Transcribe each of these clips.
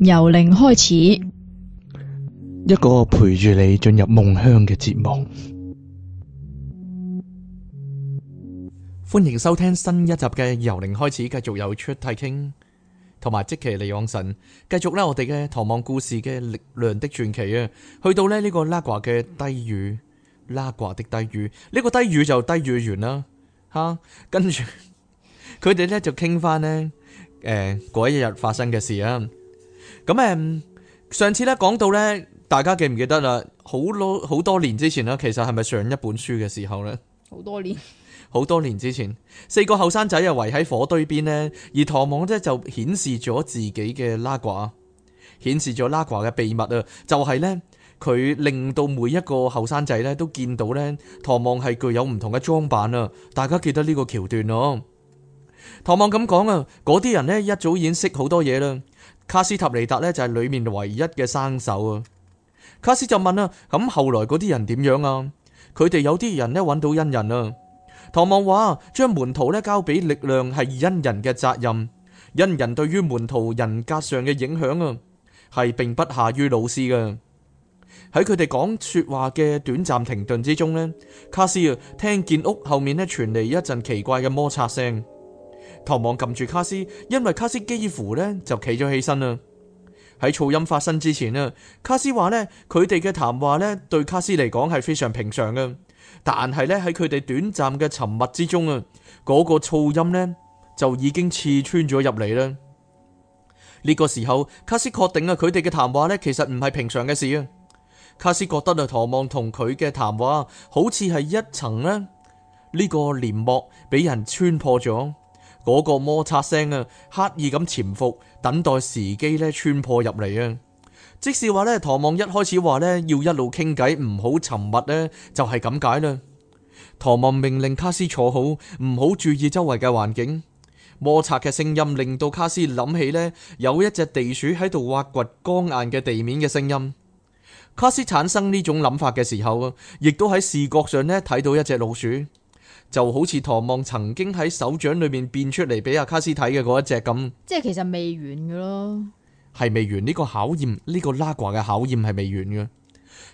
由零開始，一個陪住你進入夢鄉嘅節目。歡迎收聽新一集嘅《由零開始》，繼續有出太傾，同埋即期利往神，繼續咧我哋嘅《唐望故事》嘅力量的傳奇啊！去到咧呢個拉掛嘅低語，拉掛的低語，呢、這個低語就低語完啦吓，跟住佢哋咧就傾翻呢誒嗰一日發生嘅事啊！咁誒、嗯，上次咧講到咧，大家記唔記得啦？好多好多年之前啦，其實係咪上一本書嘅時候咧？好多年，好多年之前，是是之前四個後生仔啊，圍喺火堆邊咧，而唐望咧就顯示咗自己嘅拉寡，顯示咗拉寡嘅秘密啊！就係咧，佢令到每一個後生仔咧都見到咧，唐望係具有唔同嘅裝扮啊！大家記得呢個橋段咯。唐望咁講啊，嗰啲人咧一早已經識好多嘢啦。卡斯塔尼達呢，就係裏面唯一嘅生手啊！卡斯就問啦，咁後來嗰啲人點樣啊？佢哋有啲人咧揾到恩人啊！唐望話將門徒咧交俾力量係恩人嘅責任，恩人對於門徒人格上嘅影響啊，係並不下於老師噶。喺佢哋講說話嘅短暫停頓之中呢，卡斯啊聽見屋後面咧傳嚟一陣奇怪嘅摩擦聲。唐望撳住卡斯，因為卡斯幾乎呢就企咗起身啦。喺噪音發生之前啦，卡斯話呢，佢哋嘅談話呢對卡斯嚟講係非常平常嘅，但係呢，喺佢哋短暫嘅沉默之中啊，嗰個噪音呢就已經刺穿咗入嚟啦。呢個時候，卡斯確定啊，佢哋嘅談話呢其實唔係平常嘅事啊。卡斯覺得啊，唐望同佢嘅談話好似係一層呢，呢個簾幕俾人穿破咗。。嗰個摩擦聲啊，刻意咁潛伏，等待時機呢穿破入嚟啊！即是話呢，唐望一開始話呢，要一路傾偈，唔好沉默呢，就係咁解啦。唐望命令卡斯坐好，唔好注意周圍嘅環境。摩擦嘅聲音令到卡斯諗起呢，有一隻地鼠喺度挖掘光硬嘅地面嘅聲音。卡斯產生呢種諗法嘅時候啊，亦都喺視覺上呢睇到一隻老鼠。就好似唐望曾經喺手掌裏面變出嚟，俾阿卡斯睇嘅嗰一隻咁，即係其實未完嘅咯，係未完呢個考驗，呢個拉掛嘅考驗係未完嘅。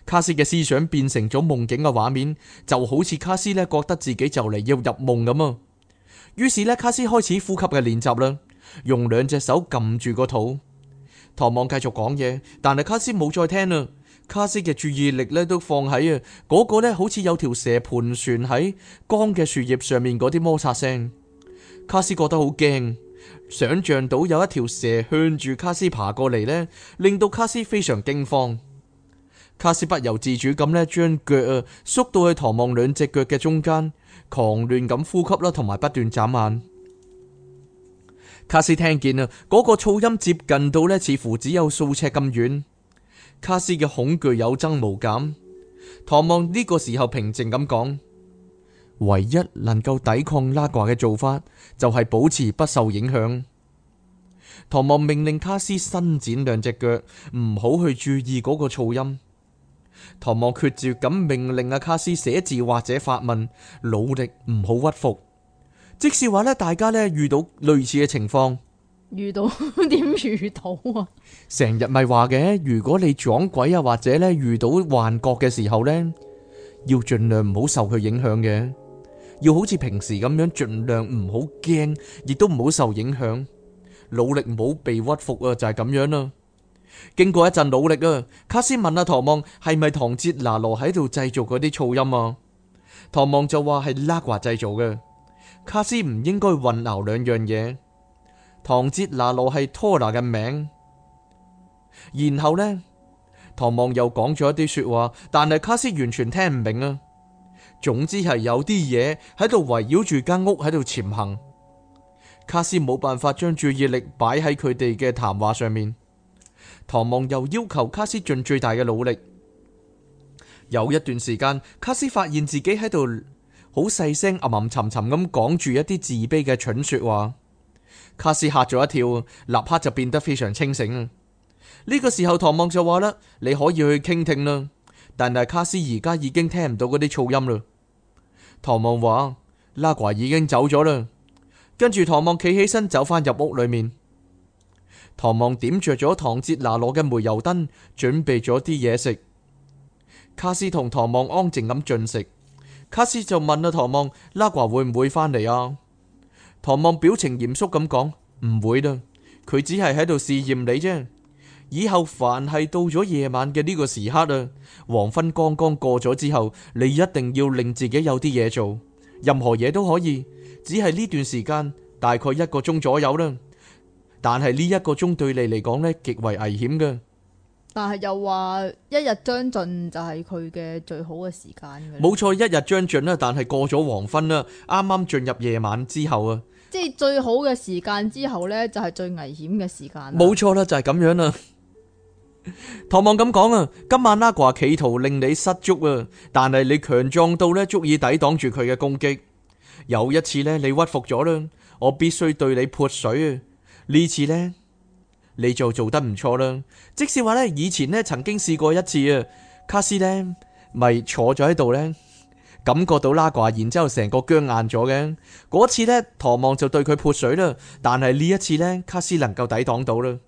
卡斯嘅思想變成咗夢境嘅畫面，就好似卡斯咧覺得自己就嚟要入夢咁啊。於是呢，卡斯開始呼吸嘅練習啦，用兩隻手撳住個肚。唐望繼續講嘢，但係卡斯冇再聽啦。卡斯嘅注意力咧都放喺啊嗰個咧，好似有條蛇盤旋喺乾嘅樹葉上面嗰啲摩擦聲。卡斯覺得好驚，想象到有一條蛇向住卡斯爬過嚟咧，令到卡斯非常驚慌。卡斯不由自主咁咧，將腳啊縮到去唐望兩隻腳嘅中間，狂亂咁呼吸啦，同埋不斷眨眼。卡斯聽見啊嗰個噪音接近到咧，似乎只有數尺咁遠。卡斯嘅恐懼有增無減，唐望呢個時候平靜咁講，唯一能夠抵抗拉掛嘅做法，就係保持不受影響。唐望命令卡斯伸展兩隻腳，唔好去注意嗰個噪音。唐望決絕咁命令阿卡斯寫字或者發問，努力唔好屈服。即是話咧，大家咧遇到類似嘅情況。遇到點遇到啊？成日咪話嘅，如果你撞鬼啊，或者咧遇到幻覺嘅時候呢，要盡量唔好受佢影響嘅，要好似平時咁樣盡量唔好驚，亦都唔好受影響，努力唔好被屈服啊！就係、是、咁樣啦、啊。經過一陣努力啊，卡斯問阿、啊、唐望係咪唐哲拿羅喺度製造嗰啲噪音啊？唐望就話係拉瓜製造嘅。卡斯唔應該混淆兩樣嘢。唐哲拿羅係拖拿嘅名，然後呢，唐望又講咗一啲說話，但係卡斯完全聽唔明啊。總之係有啲嘢喺度圍繞住間屋喺度潛行，卡斯冇辦法將注意力擺喺佢哋嘅談話上面。唐望又要求卡斯盡最大嘅努力。有一段時間，卡斯發現自己喺度好細聲、吟吟沉沉咁講住一啲自卑嘅蠢說話。卡斯嚇咗一跳，立刻就變得非常清醒。呢個時候，唐望就話啦，你可以去傾聽啦。但係卡斯而家已經聽唔到嗰啲噪音啦。唐望話：拉瓜已經走咗啦。跟住唐望企起身，走返入屋裏面。唐望點着咗唐哲拿攞嘅煤油燈，準備咗啲嘢食。卡斯同唐望安靜咁進食。卡斯就問阿唐望，拉瓜會唔會返嚟啊？唐望表情嚴肅咁講：唔會啦，佢只係喺度試驗你啫。以後凡係到咗夜晚嘅呢個時刻啊，黃昏剛剛過咗之後，你一定要令自己有啲嘢做，任何嘢都可以，只係呢段時間大概一個鐘左右啦。但係呢一個鐘對你嚟講呢，極為危險嘅。但係又話，一日將盡就係佢嘅最好嘅時間。冇錯，一日將盡啦，但係過咗黃昏啦，啱啱進入夜晚之後啊。即係最好嘅時間之後呢，就係、是、最危險嘅時間。冇錯啦，就係、是、咁樣啦。唐 望咁講啊，今晚拉古企圖令你失足啊，但係你強壯到咧足以抵擋住佢嘅攻擊。有一次呢，你屈服咗啦，我必須對你潑水啊。呢次呢，你就做得唔錯啦。即使話呢，以前咧曾經試過一次啊，卡斯呢咪、就是、坐咗喺度呢。感覺到拉瓜，然之後成個僵硬咗嘅。嗰次呢，唐望就對佢潑水啦。但係呢一次呢，卡斯能夠抵擋到啦。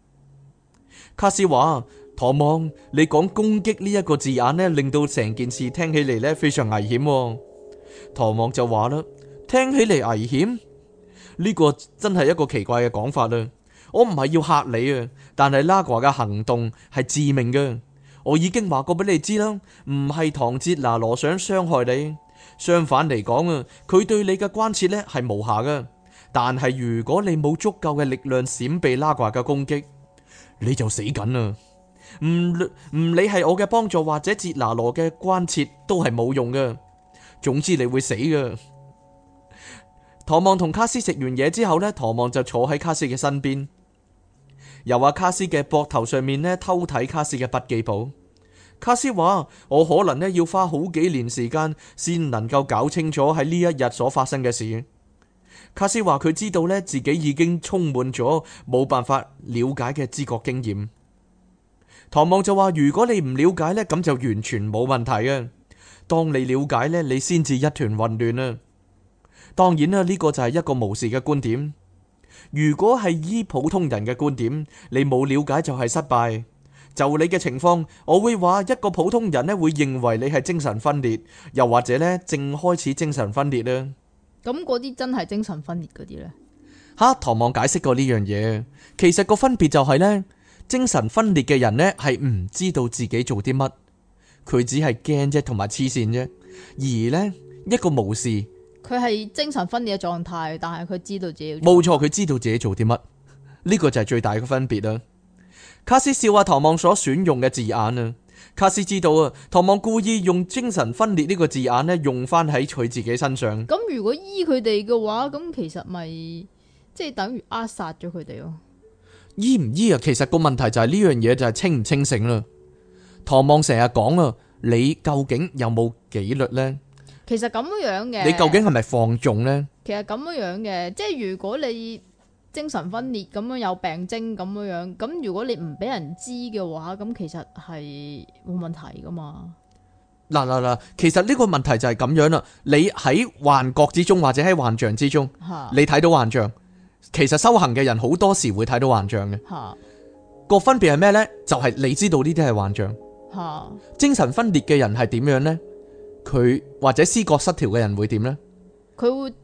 卡斯話：唐望，你講攻擊呢一個字眼呢，令到成件事聽起嚟呢，非常危險喎。唐望就話啦：聽起嚟危險，呢個真係一個奇怪嘅講法啦。我唔係要嚇你啊，但係拉瓜嘅行動係致命嘅。我已經話過俾你知啦，唔係唐哲拿羅想傷害你。相反嚟講啊，佢對你嘅關切咧，係無瑕噶，但係如果你冇足夠嘅力量閃避拉掛嘅攻擊，你就死緊啦！唔唔理係我嘅幫助或者捷拿羅嘅關切都係冇用噶，總之你會死噶。唐 望同卡斯食完嘢之後咧，唐望就坐喺卡斯嘅身邊，又話卡斯嘅膊頭上面咧偷睇卡斯嘅筆記簿。卡斯話：我可能呢要花好幾年時間先能夠搞清楚喺呢一日所發生嘅事。卡斯話佢知道呢自己已經充滿咗冇辦法了解嘅知覺經驗。唐望就話：如果你唔了解呢，咁就完全冇問題啊。當你了解呢，你先至一團混亂啊。當然啦，呢、這個就係一個無視嘅觀點。如果係依普通人嘅觀點，你冇了解就係失敗。就你嘅情況，我會話一個普通人咧會認為你係精神分裂，又或者咧正開始精神分裂呢，咁嗰啲真係精神分裂嗰啲呢？吓，唐望解釋過呢樣嘢，其實個分別就係呢：精神分裂嘅人呢，係唔知道自己做啲乜，佢只係驚啫，同埋黐線啫。而呢，一個巫士，佢係精神分裂嘅狀態，但係佢知道自己冇錯，佢知道自己做啲乜，呢個就係最大嘅分別啦。卡斯笑下唐望所選用嘅字眼啊，卡斯知道啊，唐望故意用精神分裂呢個字眼呢用翻喺佢自己身上。咁如果醫佢哋嘅話，咁其實咪即係等於扼殺咗佢哋咯？醫唔醫啊？其實個問題就係呢樣嘢就係清唔清醒啦。唐望成日講啊，你究竟有冇紀律呢？其實咁樣嘅，你究竟係咪放縱呢？其實咁樣樣嘅，即係如果你。精神分裂咁樣有病徵咁樣樣，咁如果你唔俾人知嘅話，咁其實係冇問題噶嘛？嗱嗱嗱，其實呢個問題就係咁樣啦。你喺幻覺之中或者喺幻象之中，吓，你睇到幻象，其實修行嘅人好多時會睇到幻象嘅。吓，個分別係咩呢？就係你知道呢啲係幻象。吓，精神分裂嘅人係點樣呢？佢或者思覺失調嘅人會點呢？佢會。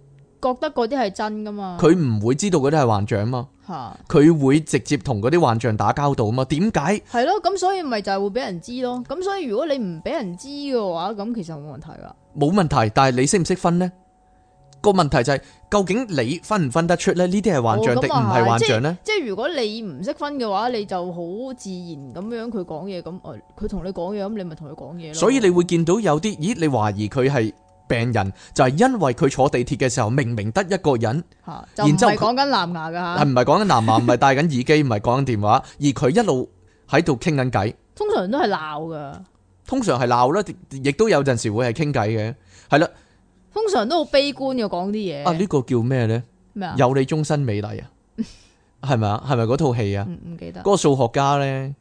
覺得嗰啲係真噶嘛？佢唔會知道嗰啲係幻象嘛？嚇！佢會直接同嗰啲幻象打交道嘛？點解？係咯，咁所以咪就係會俾人知咯。咁所以如果你唔俾人知嘅話，咁其實冇問題㗎。冇問題，但係你識唔識分呢？個問題就係究竟你分唔分得出呢？呢啲係幻象定唔係幻象呢？即係如果你唔識分嘅話，你就好自然咁樣佢講嘢咁，佢同你講嘢咁，你咪同佢講嘢咯。所以你會見到有啲，咦？你懷疑佢係。病人就係因為佢坐地鐵嘅時候明明得一個人，吓，就唔係講緊藍牙噶吓，係唔係講緊藍牙？唔係戴緊耳機，唔係講緊電話，而佢一路喺度傾緊偈。通常都係鬧噶，通常係鬧啦，亦都有陣時會係傾偈嘅，係啦。通常都好悲觀嘅講啲嘢。啊，呢個叫咩咧？咩啊？有你終身美麗啊？係咪啊？係咪嗰套戲啊？唔記得。嗰個數學家咧？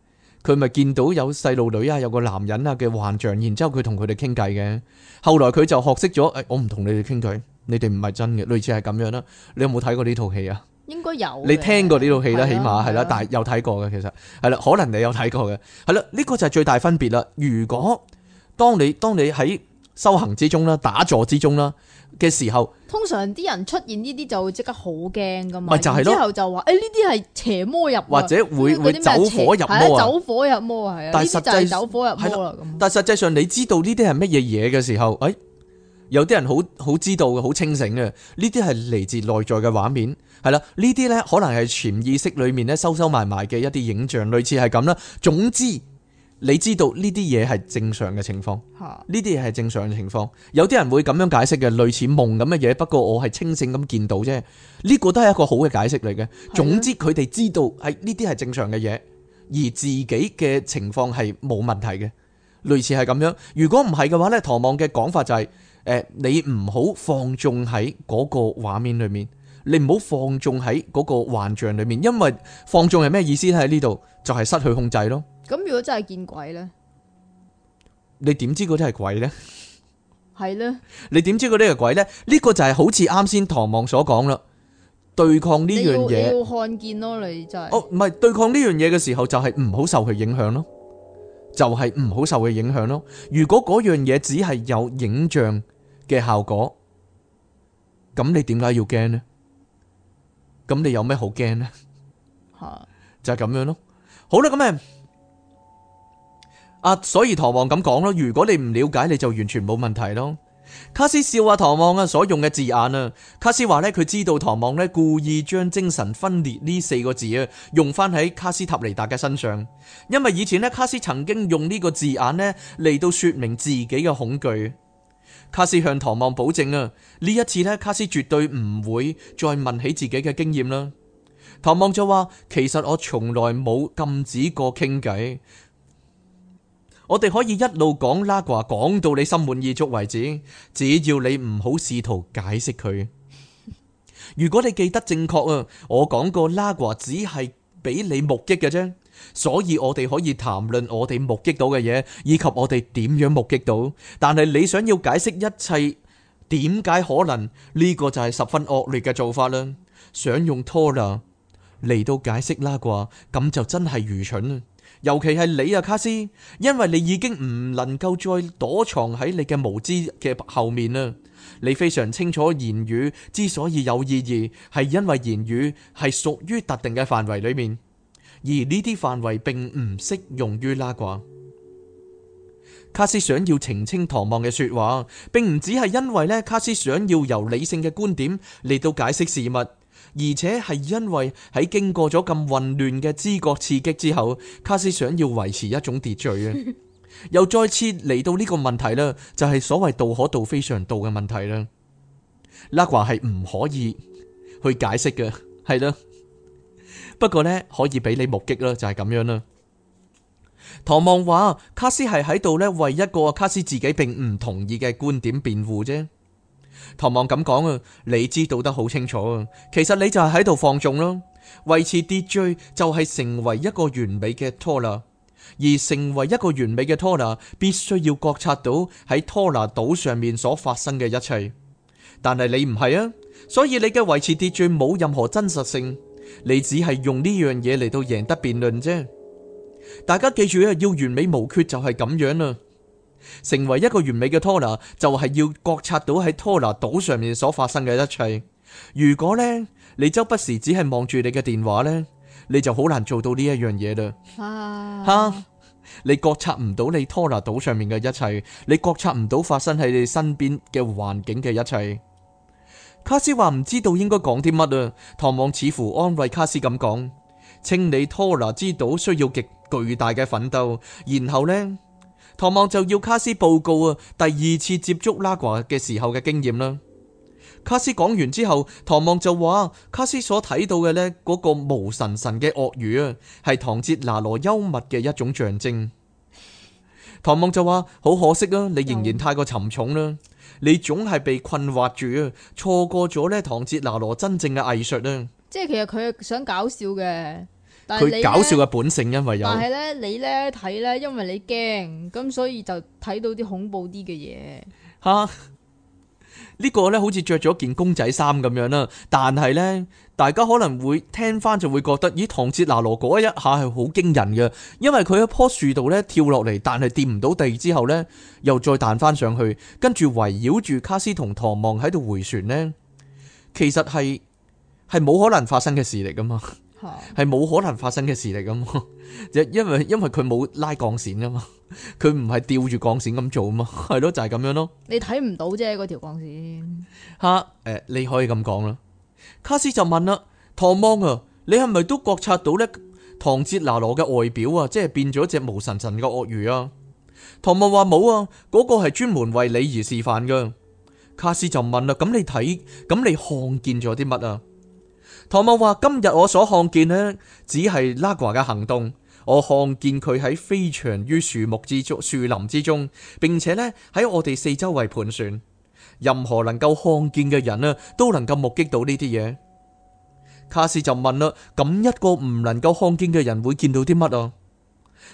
佢咪見到有細路女啊，有個男人啊嘅幻象，然之後佢同佢哋傾偈嘅。後來佢就學識咗，誒、哎，我唔同你哋傾偈，你哋唔係真嘅，類似係咁樣啦。你有冇睇過呢套戲啊？應該有。你聽過呢套戲啦，的起碼係啦，但係有睇過嘅其實係啦，可能你有睇過嘅係啦。呢、這個就係最大分別啦。如果當你當你喺修行之中啦，打坐之中啦嘅時候，通常啲人出現呢啲就會即刻好驚噶嘛，之後就話誒，呢啲係邪魔入，或者會會走火入魔啊，走火入魔係啊，呢啲就係走火入魔啦咁。但實際上你知道呢啲係乜嘢嘢嘅時候，誒、哎，有啲人好好知道嘅，好清醒嘅，呢啲係嚟自內在嘅畫面，係啦，呢啲呢，可能係潛意識裏面咧收收埋埋嘅一啲影像，類似係咁啦。總之。你知道呢啲嘢係正常嘅情況，呢啲嘢係正常嘅情況。有啲人會咁樣解釋嘅，類似夢咁嘅嘢。不過我係清醒咁見到啫，呢個都係一個好嘅解釋嚟嘅。總之佢哋的知道係呢啲係正常嘅嘢，而自己嘅情況係冇問題嘅，類似係咁樣。如果唔係嘅話呢，唐望嘅講法就係：誒，你唔好放縱喺嗰個畫面裏面，你唔好放縱喺嗰個幻象裏面，因為放縱係咩意思喺呢度？就係失去控制咯。咁如果真係見鬼咧？你點知嗰啲係鬼咧？係咧？你點知嗰啲係鬼咧？呢個就係好似啱先唐望所講啦，對抗呢樣嘢，要看見咯。你就係哦，唔係對抗呢樣嘢嘅時候，就係唔好受佢影響咯，就係唔好受佢影響咯。如果嗰樣嘢只係有影像嘅效果，咁你點解要驚咧？咁你有咩好驚咧？吓就係咁樣咯。好啦，咁樣。啊，所以唐望咁講咯，如果你唔了解，你就完全冇問題咯。卡斯笑話唐望啊，所用嘅字眼啊，卡斯話呢，佢知道唐望呢故意將精神分裂呢四個字啊用翻喺卡斯塔尼達嘅身上，因為以前呢，卡斯曾經用呢個字眼呢嚟到說明自己嘅恐懼。卡斯向唐望保證啊，呢一次呢，卡斯絕對唔會再問起自己嘅經驗啦。唐望就話，其實我從來冇禁止過傾偈。我哋可以一路講拉呱，講到你心滿意足為止，只要你唔好試圖解釋佢。如果你記得正確啊，我講過拉呱只係俾你目擊嘅啫，所以我哋可以談論我哋目擊到嘅嘢，以及我哋點樣目擊到。但係你想要解釋一切，點解可能呢個就係十分惡劣嘅做法啦。想用拖啦嚟到解釋拉呱，咁就真係愚蠢啦。尤其係你啊，卡斯，因為你已經唔能夠再躲藏喺你嘅無知嘅後面啦。你非常清楚言語之所以有意義，係因為言語係屬於特定嘅範圍裏面，而呢啲範圍並唔適用於拉掛。卡斯想要澄清唐望嘅說話，並唔只係因為咧，卡斯想要由理性嘅觀點嚟到解釋事物。而且係因為喺經過咗咁混亂嘅知覺刺激之後，卡斯想要維持一種秩序啊！ 又再次嚟到呢個問題啦，就係、是、所謂道可道非常道嘅問題啦。拉華係唔可以去解釋嘅，係 啦。不過呢，可以俾你目擊啦，就係、是、咁樣啦。唐望話卡斯係喺度呢，為一個卡斯自己並唔同意嘅觀點辯護啫。唐望咁講啊，你知道得好清楚啊，其實你就係喺度放縱咯，維持秩序就係成為一個完美嘅拖羅，而成為一個完美嘅拖羅，必須要覺察到喺拖羅島上面所發生嘅一切，但係你唔係啊，所以你嘅維持秩序冇任何真實性，你只係用呢樣嘢嚟到贏得辯論啫，大家記住啊，要完美無缺就係咁樣啦。成為一個完美嘅拖拿就係要覺察到喺拖拿島上面所發生嘅一切。如果呢，你周不時只係望住你嘅電話呢，你就好難做到呢一樣嘢啦。吓、啊， 你覺察唔到你拖拿島上面嘅一切，你覺察唔到發生喺你身邊嘅環境嘅一切。卡斯話唔知道應該講啲乜啊，唐望似乎安慰卡斯咁講：清理拖拿之島需要極巨大嘅奮鬥。然後呢。唐望就要卡斯報告啊，第二次接觸拉瓜嘅時候嘅經驗啦。卡斯講完之後，唐望就話：卡斯所睇到嘅呢嗰個無神神嘅鱷魚啊，係唐哲拿羅幽默嘅一種象徵。唐望就話：好可惜啊，你仍然太過沉重啦，有你總係被困惑住啊，錯過咗呢唐哲拿羅真正嘅藝術啦。即係其實佢想搞笑嘅。佢搞笑嘅本性，因為有但呢。有但係咧，你咧睇咧，因為你驚，咁所以就睇到啲恐怖啲嘅嘢。吓，呢、呢個咧好似着咗件公仔衫咁樣啦。但係咧，大家可能會聽翻就會覺得，咦，唐哲拿羅嗰一下係好驚人嘅，因為佢喺樖樹度咧跳落嚟，但係掂唔到地之後咧，又再彈翻上去，跟住圍繞住卡斯同唐望喺度回旋咧，其實係係冇可能發生嘅事嚟噶嘛。係冇可能發生嘅事嚟噶，就因為因為佢冇拉鋼線噶嘛，佢唔係吊住鋼線咁做啊嘛，係咯就係咁樣咯。你睇唔到啫嗰條鋼線。吓，誒、呃，你可以咁講啦。卡斯就問啦，唐望啊，你係咪都覺察到咧？唐哲拿羅嘅外表啊，即係變咗隻毛神神嘅鱷魚啊？唐望話冇啊，嗰、那個係專門為你而示範噶。卡斯就問啦，咁你睇，咁你看見咗啲乜啊？唐望話：今日我所看見呢，只係拉華嘅行動。我看見佢喺飛翔於樹木之中，樹林之中，並且呢喺我哋四周圍盤旋。任何能夠看見嘅人呢，都能夠目擊到呢啲嘢。卡斯就問啦：咁一個唔能夠看見嘅人會見到啲乜啊？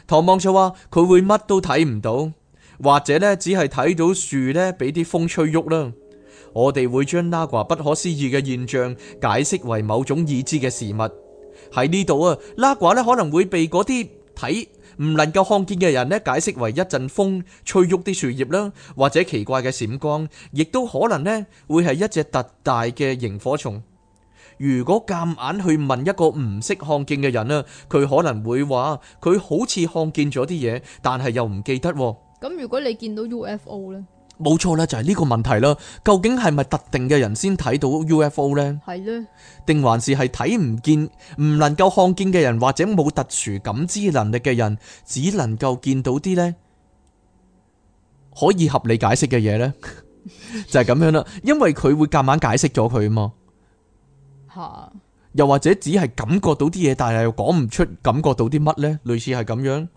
唐望就話：佢會乜都睇唔到，或者呢只係睇到樹呢，俾啲風吹喐啦。我哋會將拉呱不可思議嘅現象解釋為某種已知嘅事物。喺呢度啊，拉呱呢可能會被嗰啲睇唔能夠看見嘅人呢解釋為一陣風吹喐啲樹葉啦，或者奇怪嘅閃光，亦都可能呢會係一隻特大嘅螢火蟲。如果夾硬去問一個唔識看見嘅人啊，佢可能會話佢好似看見咗啲嘢，但係又唔記得。咁如果你見到 UFO 呢？冇錯啦，就係、是、呢個問題啦。究竟係咪特定嘅人先睇到 UFO 呢？係咧，定的還是係睇唔見、唔能夠看見嘅人，或者冇特殊感知能力嘅人，只能夠見到啲呢，可以合理解釋嘅嘢呢？ 就係咁樣啦，因為佢會夾硬解釋咗佢啊嘛。吓， 又或者只係感覺到啲嘢，但係又講唔出感覺到啲乜呢？類似係咁樣。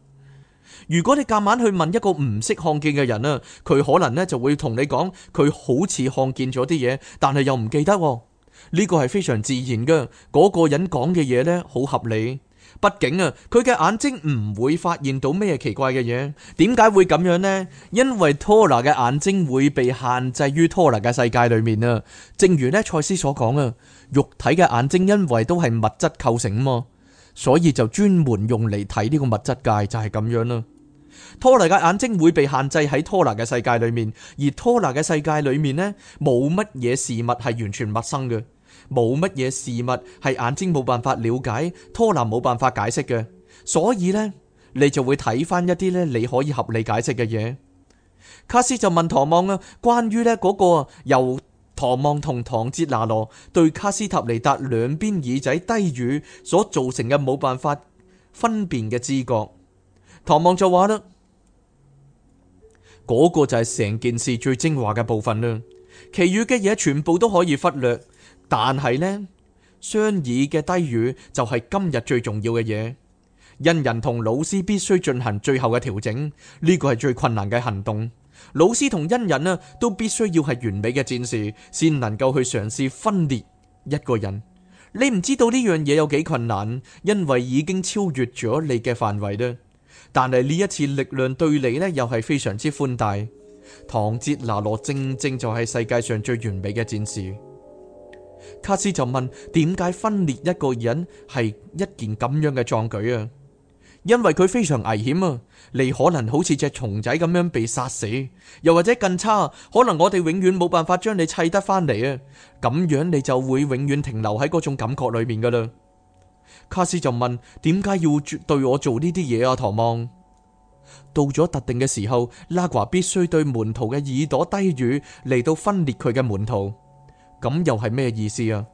如果你今晚去問一個唔識看見嘅人啦，佢可能咧就會同你講，佢好似看見咗啲嘢，但係又唔記得。呢個係非常自然噶。嗰個人講嘅嘢咧好合理，畢竟啊，佢嘅眼睛唔會發現到咩奇怪嘅嘢。點解會咁樣呢？因為托拿嘅眼睛會被限制於托拿嘅世界裏面啊。正如呢賽斯所講啊，肉體嘅眼睛因為都係物質構成嘛。所以就專門用嚟睇呢個物質界，就係咁樣啦。托納嘅眼睛會被限制喺托納嘅世界裏面，而托納嘅世界裏面呢，冇乜嘢事物係完全陌生嘅，冇乜嘢事物係眼睛冇辦法了解，托納冇辦法解釋嘅。所以呢，你就會睇翻一啲呢，你可以合理解釋嘅嘢。卡斯就問唐望啊，關於呢嗰個由。唐望同唐哲那羅對卡斯塔尼達兩邊耳仔低語所造成嘅冇辦法分辨嘅知覺，唐望就話啦：嗰個就係成件事最精華嘅部分啦，其餘嘅嘢，全部都可以忽略，但係呢，雙耳嘅低語就係今日最重要嘅嘢。恩人同老師必須進行最後嘅調整，呢個係最困難嘅行動。老師同恩人呢，都必須要係完美嘅戰士，先能夠去嘗試分裂一個人。你唔知道呢樣嘢有幾困難，因為已經超越咗你嘅範圍啦。但係呢一次力量對你呢，又係非常之寬大。唐哲拿羅正正就係世界上最完美嘅戰士。卡斯就問：點解分裂一個人係一件咁樣嘅壯舉啊？因為佢非常危險啊，你可能好似隻蟲仔咁樣被殺死，又或者更差，可能我哋永遠冇辦法將你砌得翻嚟啊！咁樣你就會永遠停留喺嗰種感覺裏面噶啦。卡斯就問：點解要對我做呢啲嘢啊？唐望到咗特定嘅時候，拉華必須對門徒嘅耳朵低語嚟到分裂佢嘅門徒，咁又係咩意思啊？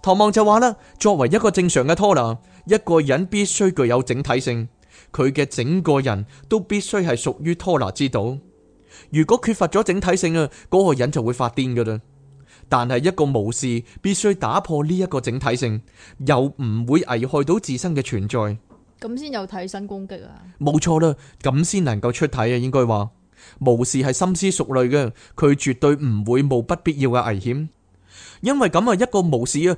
唐望就話啦：作為一個正常嘅拖拿。一個人必須具有整體性，佢嘅整個人都必須係屬於托納之島。如果缺乏咗整體性啊，嗰個人就會發癲噶啦。但係一個巫師必須打破呢一個整體性，又唔會危害到自身嘅存在。咁先有替身攻擊啊！冇錯啦，咁先能夠出體啊，應該話巫師係深思熟慮嘅，佢絕對唔會冒不必要嘅危險，因為咁啊，一個巫師啊。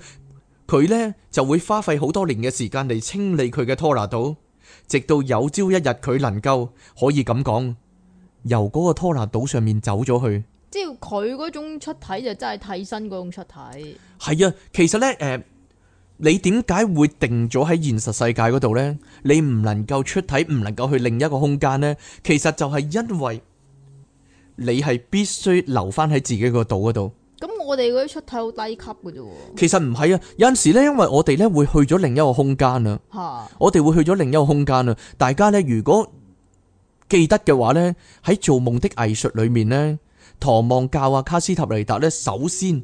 佢呢就會花費好多年嘅時間嚟，清理佢嘅拖拿島，直到有朝一日佢能夠可以咁講，由嗰個拖拿島上面走咗去。即係佢嗰種出體就真係替身嗰種出體。係啊，其實呢，誒、呃，你點解會定咗喺現實世界嗰度呢？你唔能夠出體，唔能夠去另一個空間呢？其實就係因為你係必須留翻喺自己個島嗰度。我哋嗰啲出體好低級嘅啫喎，其實唔係啊，有陣時咧，因為我哋呢會去咗另一個空間啊。吓哈，我哋會去咗另一個空間啊。大家呢，如果記得嘅話呢，喺《做夢的藝術》裏面呢，唐望教啊卡斯塔尼達呢，首先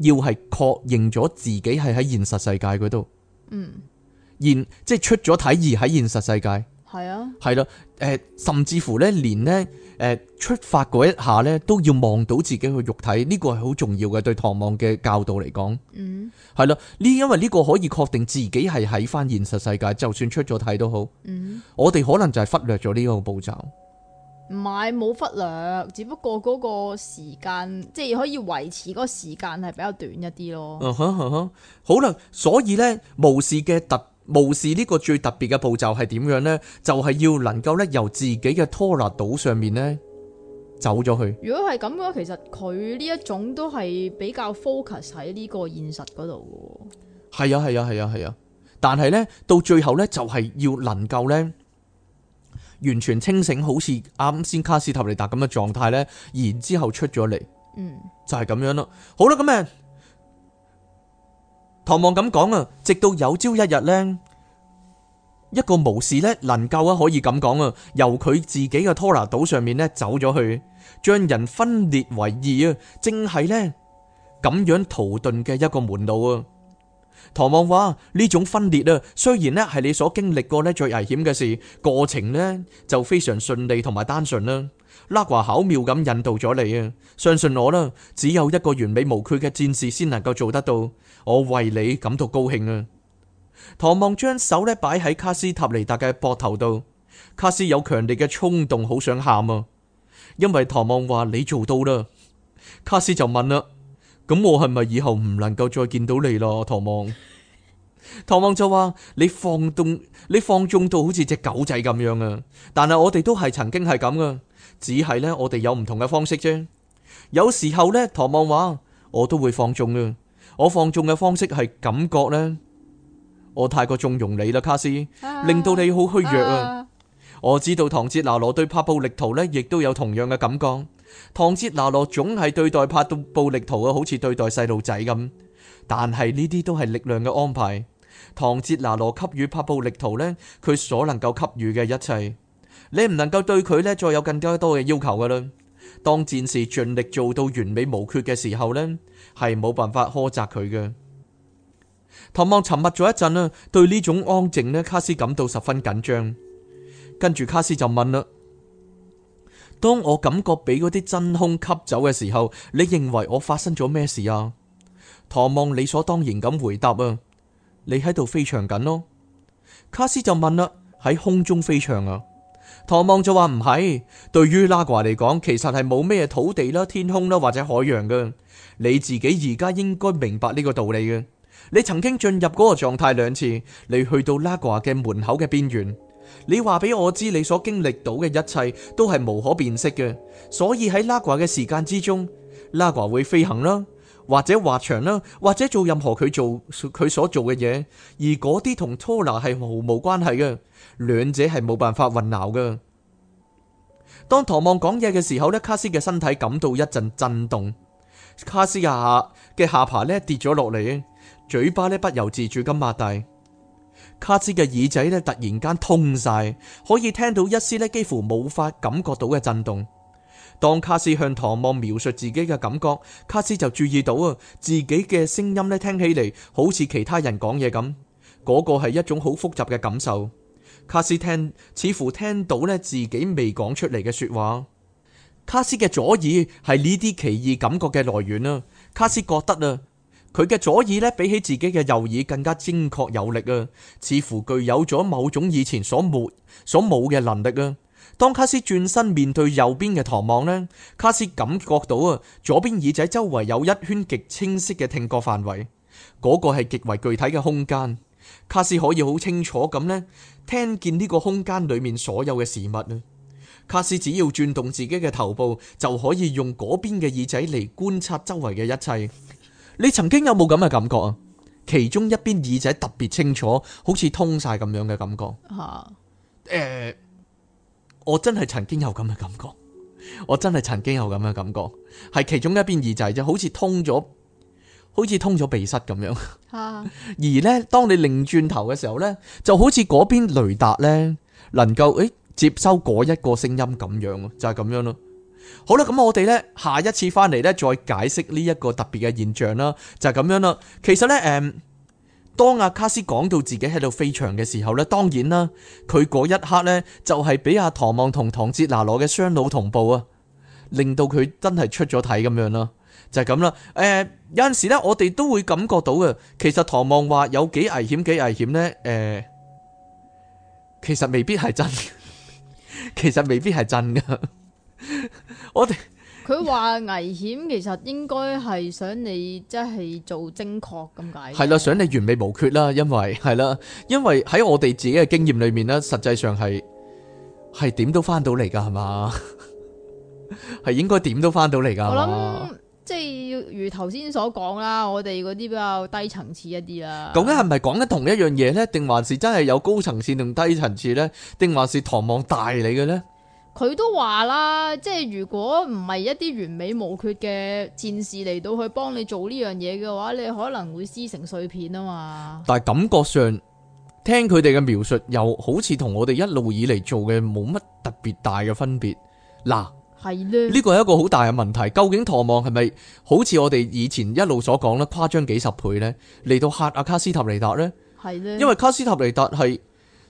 要係確認咗自己係喺現實世界嗰度，嗯，現即係出咗體而喺現實世界。係啊，係咯，誒，甚至乎咧，連咧，誒，出發嗰一下咧，都要望到自己個肉體，呢個係好重要嘅對唐望嘅教導嚟講。嗯，係咯，呢因為呢個可以確定自己係喺翻現實世界，就算出咗體都好。嗯，我哋可能就係忽略咗呢個步驟。唔係冇忽略，只不過嗰個時間即係可以維持嗰個時間係比較短一啲咯。嗯哼哼，好啦，所以咧，無視嘅特。無視呢個最特別嘅步驟係點樣呢？就係要能夠咧由自己嘅拖拉島上面咧走咗去。如果係咁嘅話，其實佢呢一種都係比較 focus 喺呢個現實嗰度嘅。係啊係啊係啊係啊！但係呢，到最後呢，就係要能夠呢，完全清醒，好似啱先卡斯塔尼達咁嘅狀態呢，然之後出咗嚟。嗯，就係咁樣咯。好啦，咁啊。唐望咁講啊，直到有朝一日咧，一個巫師咧能夠啊可以咁講啊，由佢自己嘅拖拿島上面咧走咗去，將人分裂為二啊，正係咧咁樣逃遁嘅一個門路啊。唐望話呢種分裂啊，雖然咧係你所經歷過咧最危險嘅事，過程咧就非常順利同埋單純啦。拉華巧妙咁引導咗你啊，相信我啦，只有一個完美無缺嘅戰士先能夠做得到。我為你感到高興啊！唐望將手咧擺喺卡斯塔尼達嘅膊頭度，卡斯有強烈嘅衝動，好想喊啊！因為唐望話你做到啦，卡斯就問啦：咁我係咪以後唔能夠再見到你咯？唐望，唐望就話你放縱，你放縱到好似隻狗仔咁樣啊！但係我哋都係曾經係咁噶，只係呢我哋有唔同嘅方式啫。有時候呢，唐望話我都會放縱啊。我放縱嘅方式係感覺呢，我太過縱容你啦，卡斯，令到你好虛弱啊！我知道唐哲拿羅對帕布力圖呢，亦都有同樣嘅感覺。唐哲拿羅總係對待帕布力圖啊，好似對待細路仔咁。但係呢啲都係力量嘅安排。唐哲拿羅給予帕布力圖呢，佢所能夠給予嘅一切，你唔能夠對佢呢再有更加多嘅要求㗎喇。當戰士盡力做到完美無缺嘅時候呢，係冇辦法苛責佢嘅。唐望沉默咗一陣啦，對呢種安靜呢，卡斯感到十分緊張。跟住卡斯就問啦：當我感覺俾嗰啲真空吸走嘅時候，你認為我發生咗咩事啊？唐望理所當然咁回答啊：你喺度飛翔緊咯。卡斯就問啦：喺空中飛翔啊？唐望就話唔係，對於拉瓜嚟講，其實係冇咩土地啦、天空啦或者海洋嘅。」你自己而家應該明白呢個道理嘅。你曾經進入嗰個狀態兩次，你去到拉華嘅門口嘅邊緣，你話俾我知你所經歷到嘅一切都係無可辨識嘅。所以喺拉華嘅時間之中，拉華會飛行啦，或者滑翔啦，或者做任何佢做佢所做嘅嘢，而嗰啲同托拿係毫無關係嘅，兩者係冇辦法混淆嘅。當唐望講嘢嘅時候呢，卡斯嘅身體感到一陣震動。卡斯嘅下嘅下巴咧跌咗落嚟，嘴巴咧不由自主咁擘大。卡斯嘅耳仔咧突然間通晒，可以聽到一絲咧幾乎冇法感覺到嘅震動。當卡斯向唐望描述自己嘅感覺，卡斯就注意到啊，自己嘅聲音咧聽起嚟好似其他人講嘢咁。嗰、那個係一種好複雜嘅感受。卡斯聽，似乎聽到咧自己未講出嚟嘅說話。卡斯嘅左耳係呢啲奇異感覺嘅來源啊。卡斯覺得啊，佢嘅左耳咧比起自己嘅右耳更加精確有力啊，似乎具有咗某種以前所沒、所冇嘅能力啊。當卡斯轉身面對右邊嘅唐望呢，卡斯感覺到啊，左邊耳仔周圍有一圈極清晰嘅聽覺範圍，嗰個係極為具體嘅空間。卡斯可以好清楚咁呢，聽見呢個空間裏面所有嘅事物啊。卡斯只要轉動自己嘅頭部，就可以用嗰邊嘅耳仔嚟觀察周圍嘅一切。你曾經有冇咁嘅感覺啊？其中一邊耳仔特別清楚，好似通晒咁樣嘅感覺。吓、啊，誒、欸，我真係曾經有咁嘅感覺。我真係曾經有咁嘅感覺，係其中一邊耳仔就好似通咗，好似通咗鼻塞咁樣。啊、而呢，當你擰轉頭嘅時候呢，就好似嗰邊雷達呢，能夠誒。欸接收嗰一個聲音，咁樣就係咁樣咯。好啦，咁我哋咧下一次翻嚟咧，再解釋呢一個特別嘅現象啦。就係咁樣啦。其實咧，誒，當阿卡斯講到自己喺度飛翔嘅時候咧，當然啦，佢嗰一刻咧就係俾阿唐望同唐哲拿羅嘅雙腦同步啊，令到佢真係出咗體咁樣啦。就係咁啦。誒，有陣時咧，我哋都會感覺到嘅。其實唐望話有幾危險，幾危險咧？誒，其實未必係真。其實未必係真噶， 我哋佢話危險，其實應該係想你即係做精確咁解。係啦，想你完美無缺啦，因為係啦，因為喺我哋自己嘅經驗裏面咧，實際上係係點都返到嚟噶，係嘛？係 應該點都返到嚟噶我諗即係要如頭先所講啦，我哋嗰啲比較低層次一啲啦。究竟係咪係講緊同一樣嘢呢？定還是真係有高層次同低層次呢？定還是唐望大你嘅呢？佢都話啦，即係如果唔係一啲完美無缺嘅戰士嚟到去幫你做呢樣嘢嘅話，你可能會撕成碎片啊嘛。但係感覺上聽佢哋嘅描述，又好似同我哋一路以嚟做嘅冇乜特別大嘅分別嗱。呢個係一個好大嘅問題。究竟唐望係咪好似我哋以前一路所講咧，誇張幾十倍呢？嚟到嚇阿卡斯塔尼達呢？是的 因為卡斯塔尼達係。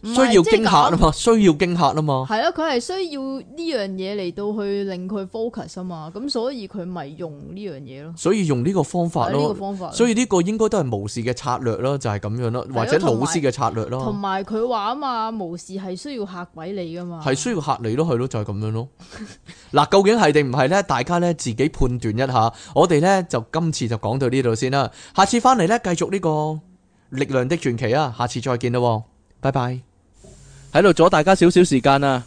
需要驚嚇啊嘛，需要驚嚇啊嘛，係咯，佢係需要呢樣嘢嚟到去令佢 focus 啊嘛，咁所以佢咪用呢樣嘢咯，所以用呢個方法咯，方法，所以呢個應該都係巫士嘅策略咯，就係咁樣咯，或者老師嘅策略咯，同埋佢話啊嘛，巫士係需要嚇鬼你噶嘛，係需要嚇你咯，佢咯就係咁樣咯。嗱，究竟係定唔係咧？大家咧自己判斷一下。我哋咧就今次就講到呢度先啦，下次翻嚟咧繼續呢個力量的傳奇啊，下次再見咯。拜拜，喺度 Bye 阻大家少少時間啊！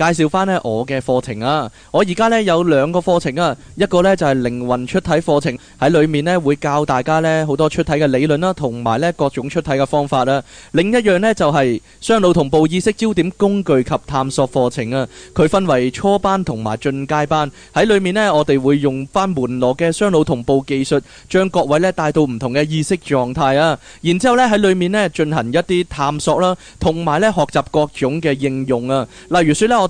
介紹翻呢我嘅課程啊。我而家呢有兩個課程啊，一個呢就係靈魂出體課程，喺裏面呢會教大家呢好多出體嘅理論啦，同埋呢各種出體嘅方法啊。另一樣呢就係雙腦同步意識焦點工具及探索課程啊。佢分為初班同埋進階班，喺裏面呢我哋會用翻門羅嘅雙腦同步技術，將各位呢帶到唔同嘅意識狀態啊。然之後呢喺裏面呢進行一啲探索啦，同埋呢學習各種嘅應用啊。例如説呢我。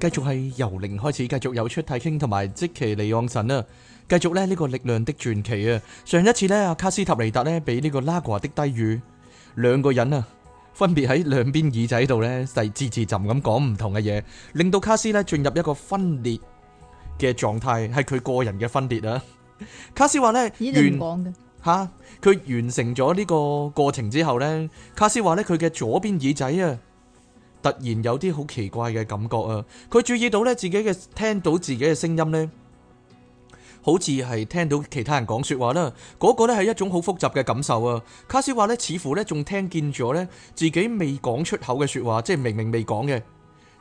繼續係由零開始，繼續有出太清同埋積奇利昂神啊！繼續咧呢個力量的傳奇啊！上一次呢，阿卡斯塔尼達咧俾呢個拉瓜的低語，兩個人啊分別喺兩邊耳仔度咧細字字斟咁講唔同嘅嘢，令到卡斯咧進入一個分裂嘅狀態，係佢個人嘅分裂啊！卡斯話咧完講嘅吓，佢、啊、完成咗呢個過程之後呢，卡斯話呢，佢嘅左邊耳仔啊。突然有啲好奇怪嘅感覺啊！佢注意到咧，自己嘅聽到自己嘅聲音咧，好似係聽到其他人講說話啦。嗰個咧係一種好複雜嘅感受啊！卡斯話咧，似乎咧仲聽見咗咧自己未講出口嘅說話，即係明明未講嘅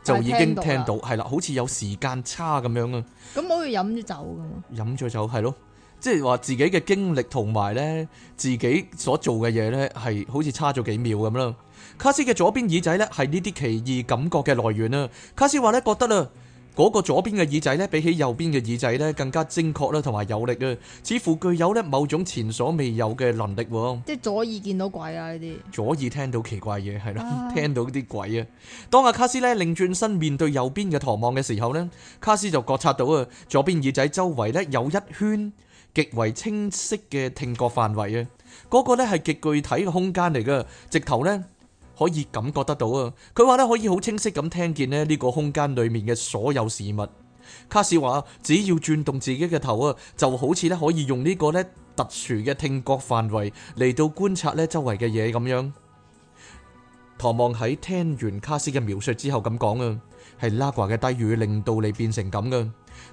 就已經聽到，係啦，好似有時間差咁樣啊！咁好似飲咗酒咁啊！飲咗酒係咯，即係話自己嘅經歷同埋咧，自己所做嘅嘢咧，係好似差咗幾秒咁啦。卡斯嘅左邊耳仔咧，係呢啲奇異感覺嘅來源啦。卡斯話咧，覺得啦，嗰個左邊嘅耳仔咧，比起右邊嘅耳仔咧，更加精確啦，同埋有力啊，似乎具有咧某種前所未有嘅能力。即係左耳見到鬼啊！呢啲左耳聽到奇怪嘢係咯，啊、聽到啲鬼啊。當阿卡斯咧擰轉身面對右邊嘅唐望嘅時候呢，卡斯就覺察到啊，左邊耳仔周圍咧有一圈極為清晰嘅聽覺範圍啊。嗰、嗰個咧係極具體嘅空間嚟噶，直頭呢。可以感覺得到啊！佢話咧可以好清晰咁聽見咧呢個空間裏面嘅所有事物。卡斯話只要轉動自己嘅頭啊，就好似咧可以用呢個咧特殊嘅聽覺範圍嚟到觀察咧周圍嘅嘢咁樣。唐望喺聽完卡斯嘅描述之後咁講啊，係拉瓜嘅低語令到你變成咁噶。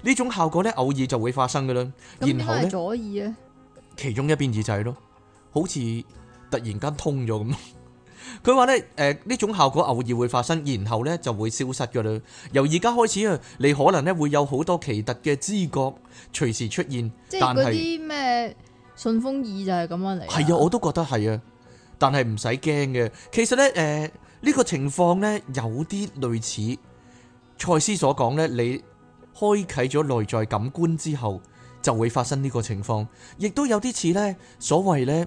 呢種效果咧偶爾就會發生噶啦。然後咧，其中一邊耳仔咯，好似突然間通咗咁。佢話咧，誒呢、呃、種效果偶爾會發生，然後呢就會消失㗎啦。由而家開始啊，你可能呢會有好多奇特嘅知覺隨時出現，但係嗰啲咩順風耳就係咁樣嚟。係啊，我都覺得係啊，但係唔使驚嘅。其實呢，誒、呃、呢、呢個情況呢有啲類似蔡司所講呢，你開啟咗內在感官之後就會發生呢個情況，亦都有啲似呢所謂呢。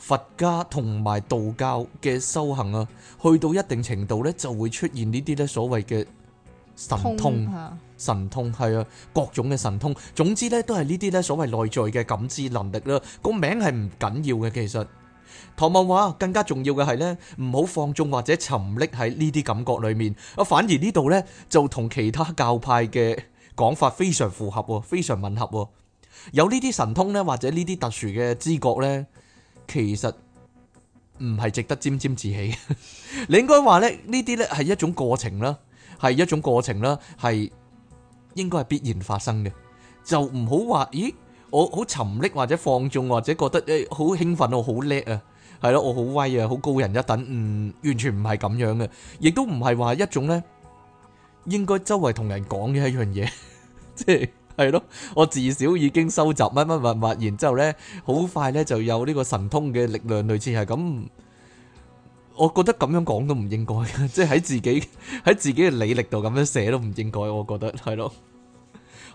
佛家同埋道教嘅修行啊，去到一定程度呢，就會出現呢啲咧所謂嘅神通，通神通係啊，各種嘅神通。總之呢，都係呢啲咧所謂內在嘅感知能力啦。個名係唔緊要嘅，其實唐望話更加重要嘅係呢，唔好放縱或者沉溺喺呢啲感覺裏面啊。反而呢度呢，就同其他教派嘅講法非常符合，非常吻合。有呢啲神通呢，或者呢啲特殊嘅知覺呢，其實唔係值得沾沾自喜，你應該話咧呢啲咧係一種過程啦，係一種過程啦，係應該係必然發生嘅，就唔好話咦，我好沉溺或者放縱或者覺得誒好興奮，我好叻啊，係咯，我好威啊，好高人一等，嗯，完全唔係咁樣嘅，亦都唔係話一種咧，應該周圍同人講嘅一樣嘢，即係。係咯，我至少已經收集乜乜物物，然之後咧，好快咧就有呢個神通嘅力量，類似係咁。我覺得咁樣講都唔應該，即係喺自己喺自己嘅履歷度咁樣寫都唔應該。我覺得係咯。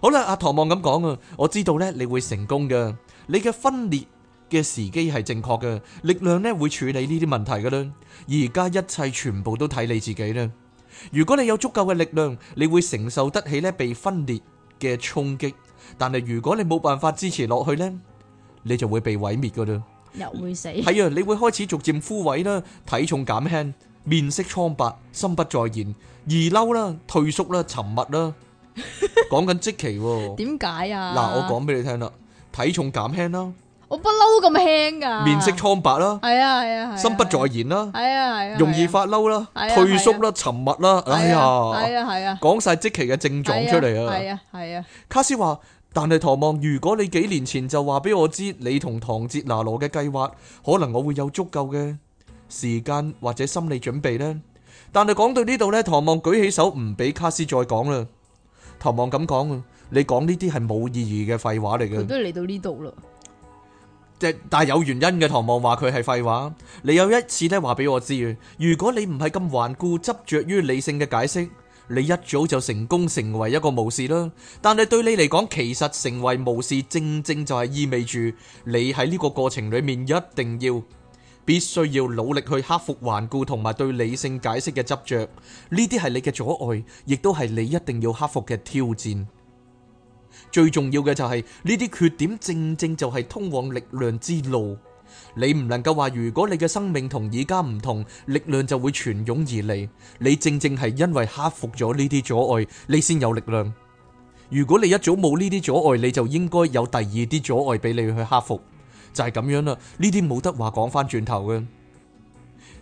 好啦，阿唐望咁講啊，我知道咧你會成功嘅，你嘅分裂嘅時機係正確嘅，力量咧會處理呢啲問題噶啦。而家一切全部都睇你自己啦。如果你有足夠嘅力量，你會承受得起咧被分裂嘅沖擊，但係如果你冇辦法支持落去呢，你就會被毀滅噶啦，又會死，係啊，你會開始逐漸枯萎啦，體重減輕，面色蒼白，心不在焉，易嬲啦，退縮啦，沉默啦，講緊即期喎，點解啊？嗱，我講俾你聽啦，體重減輕啦。我不嬲咁輕噶，面色蒼白啦，係啊係啊，心不在焉啦，係啊係啊，容易發嬲啦，退縮啦，沉默啦，哎呀，係啊係啊，講晒即期嘅症狀出嚟啊，係啊係啊。卡斯話：但係唐望，如果你幾年前就話俾我知你同唐哲拿羅嘅計劃，可能我會有足夠嘅時間或者心理準備呢。但係講到呢度呢，唐望舉起手唔俾卡斯再講啦。唐望咁講啊，你講呢啲係冇意義嘅廢話嚟嘅，佢都嚟到呢度啦。即但係有原因嘅。唐望話佢係廢話，你有一次都話俾我知。如果你唔係咁頑固、執着於理性嘅解釋，你一早就成功成為一個巫士啦。但係對你嚟講，其實成為巫士，正正就係意味住你喺呢個過程裏面，一定要必須要努力去克服頑固同埋對理性解釋嘅執着。呢啲係你嘅阻礙，亦都係你一定要克服嘅挑戰。最重要嘅就係呢啲缺點，正正就係通往力量之路。你唔能夠話，如果你嘅生命同而家唔同，力量就會全湧而嚟。你正正係因為克服咗呢啲阻礙，你先有力量。如果你一早冇呢啲阻礙，你就應該有第二啲阻礙俾你去克服。就係咁樣啦，呢啲冇得話講翻轉頭嘅。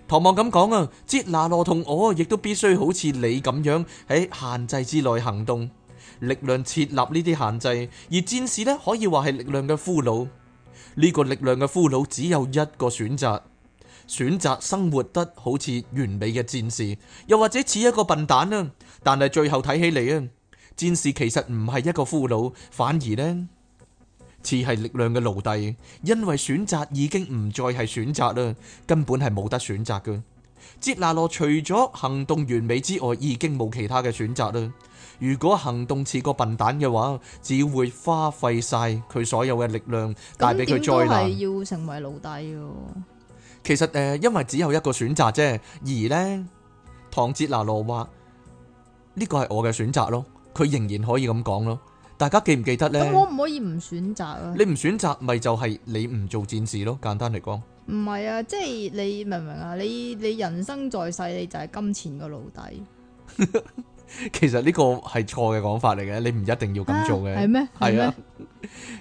唐望咁講啊，哲那羅同我亦都必須好似你咁樣喺限制之內行動。力量設立呢啲限制，而戰士呢可以話係力量嘅俘虜。呢個力量嘅俘虜只有一個選擇，選擇生活得好似完美嘅戰士，又或者似一個笨蛋啊！但係最後睇起嚟啊，戰士其實唔係一個俘虜，反而呢似係力量嘅奴隸，因為選擇已經唔再係選擇啦，根本係冇得選擇嘅。捷拿羅除咗行動完美之外，已經冇其他嘅選擇啦。如果行動似個笨蛋嘅話，只會花費晒佢所有嘅力量，帶俾佢災難。咁點都係要成為奴隸？其實誒、呃，因為只有一個選擇啫。而呢唐哲娜羅話呢個係我嘅選擇咯。佢仍然可以咁講咯。大家記唔記得呢？咁我唔可以唔選擇啊！你唔選擇咪就係你唔做戰士咯？簡單嚟講，唔係啊，即係你明唔明啊？你你人生在世，你就係金錢嘅奴隸。 其實呢個係錯嘅講法嚟嘅，你唔一定要咁做嘅。係咩、啊？係啊，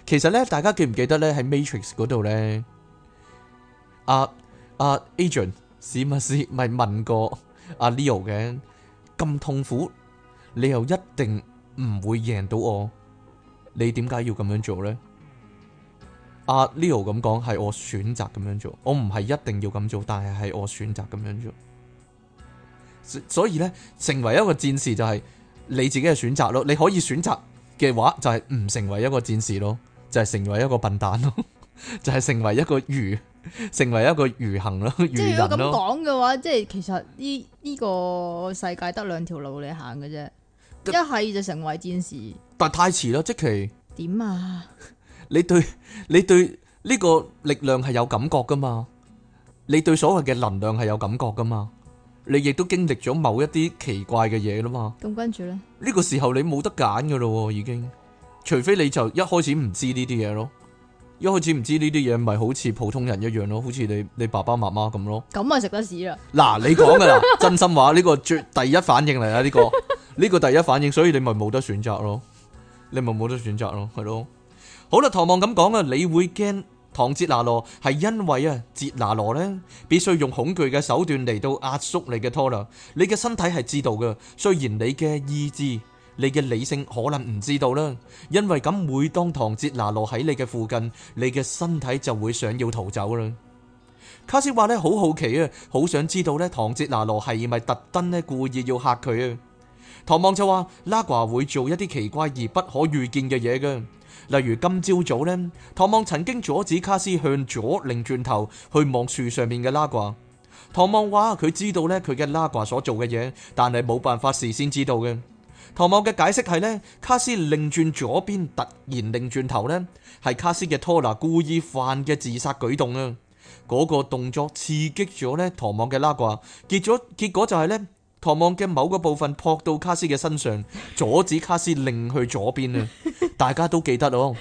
其實咧，大家記唔記得咧，喺 Matrix 嗰度咧，阿阿 Agent 史密斯咪問過阿、啊、Leo 嘅，咁痛苦，你又一定唔會贏到我，你點解要咁樣做咧？阿、啊、Leo 咁講，係我選擇咁樣做，我唔係一定要咁做，但係係我選擇咁樣做。所以咧，成為一個戰士就係你自己嘅選擇咯。你可以選擇嘅話，就係唔成為一個戰士咯，就係成為一個笨蛋咯，就係成為一個愚，成為一個愚行咯。即係如果咁講嘅話，即係其實呢呢個世界得兩條路你行嘅啫，一係就成為戰士，但太遲咯，即係點啊？你對你對呢個力量係有感覺噶嘛？你對所謂嘅能量係有感覺噶嘛？你亦都經歷咗某一啲奇怪嘅嘢啦嘛，咁跟住咧？呢個時候你冇得揀噶咯，已經，除非你就一開始唔知呢啲嘢咯，一開始唔知呢啲嘢咪好似普通人一樣咯，好似你你爸爸媽媽咁咯，咁啊食得屎啦！嗱，你講噶啦， 真心話呢個最第一反應嚟啊，呢個呢個第一反應，所以你咪冇得選擇咯，你咪冇得選擇咯，係咯，好啦，唐望咁講啊，你會驚？唐哲拿羅係因為啊，哲拿羅呢必須用恐懼嘅手段嚟到壓縮你嘅拖啦。你嘅身體係知道嘅，雖然你嘅意志、你嘅理性可能唔知道啦。因為咁，每當唐哲拿羅喺你嘅附近，你嘅身體就會想要逃走啦。卡斯話呢好好奇啊，好想知道呢唐哲拿羅係咪特登咧故意要嚇佢啊？唐望就話，拉瓜會做一啲奇怪而不可預見嘅嘢嘅。例如今朝早咧，唐望曾經阻止卡斯向左擰轉頭去望樹上面嘅拉掛。唐望話佢知道咧佢嘅拉掛所做嘅嘢，但係冇辦法事先知道嘅。唐望嘅解釋係咧，卡斯擰轉左邊突然擰轉頭咧，係卡斯嘅拖拿故意犯嘅自殺舉動啊！嗰個動作刺激咗咧，唐望嘅拉掛結咗，結果就係咧。唐望嘅某個部分撲到卡斯嘅身上，阻止卡斯擰去左邊啊！ 大家都記得咯，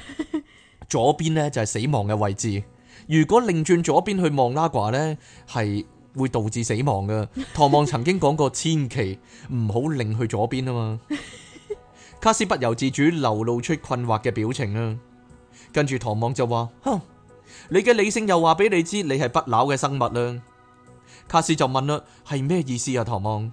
左邊呢就係死亡嘅位置。如果擰轉左邊去望拉瓜呢，係會導致死亡嘅。唐望曾經講過，千祈唔好擰去左邊啊嘛。卡斯不由自主流露出困惑嘅表情啊！跟住唐望就話：，哼， 你嘅理性又話俾你知，你係不朽嘅生物啦。卡斯就問啦：係咩意思啊？唐望？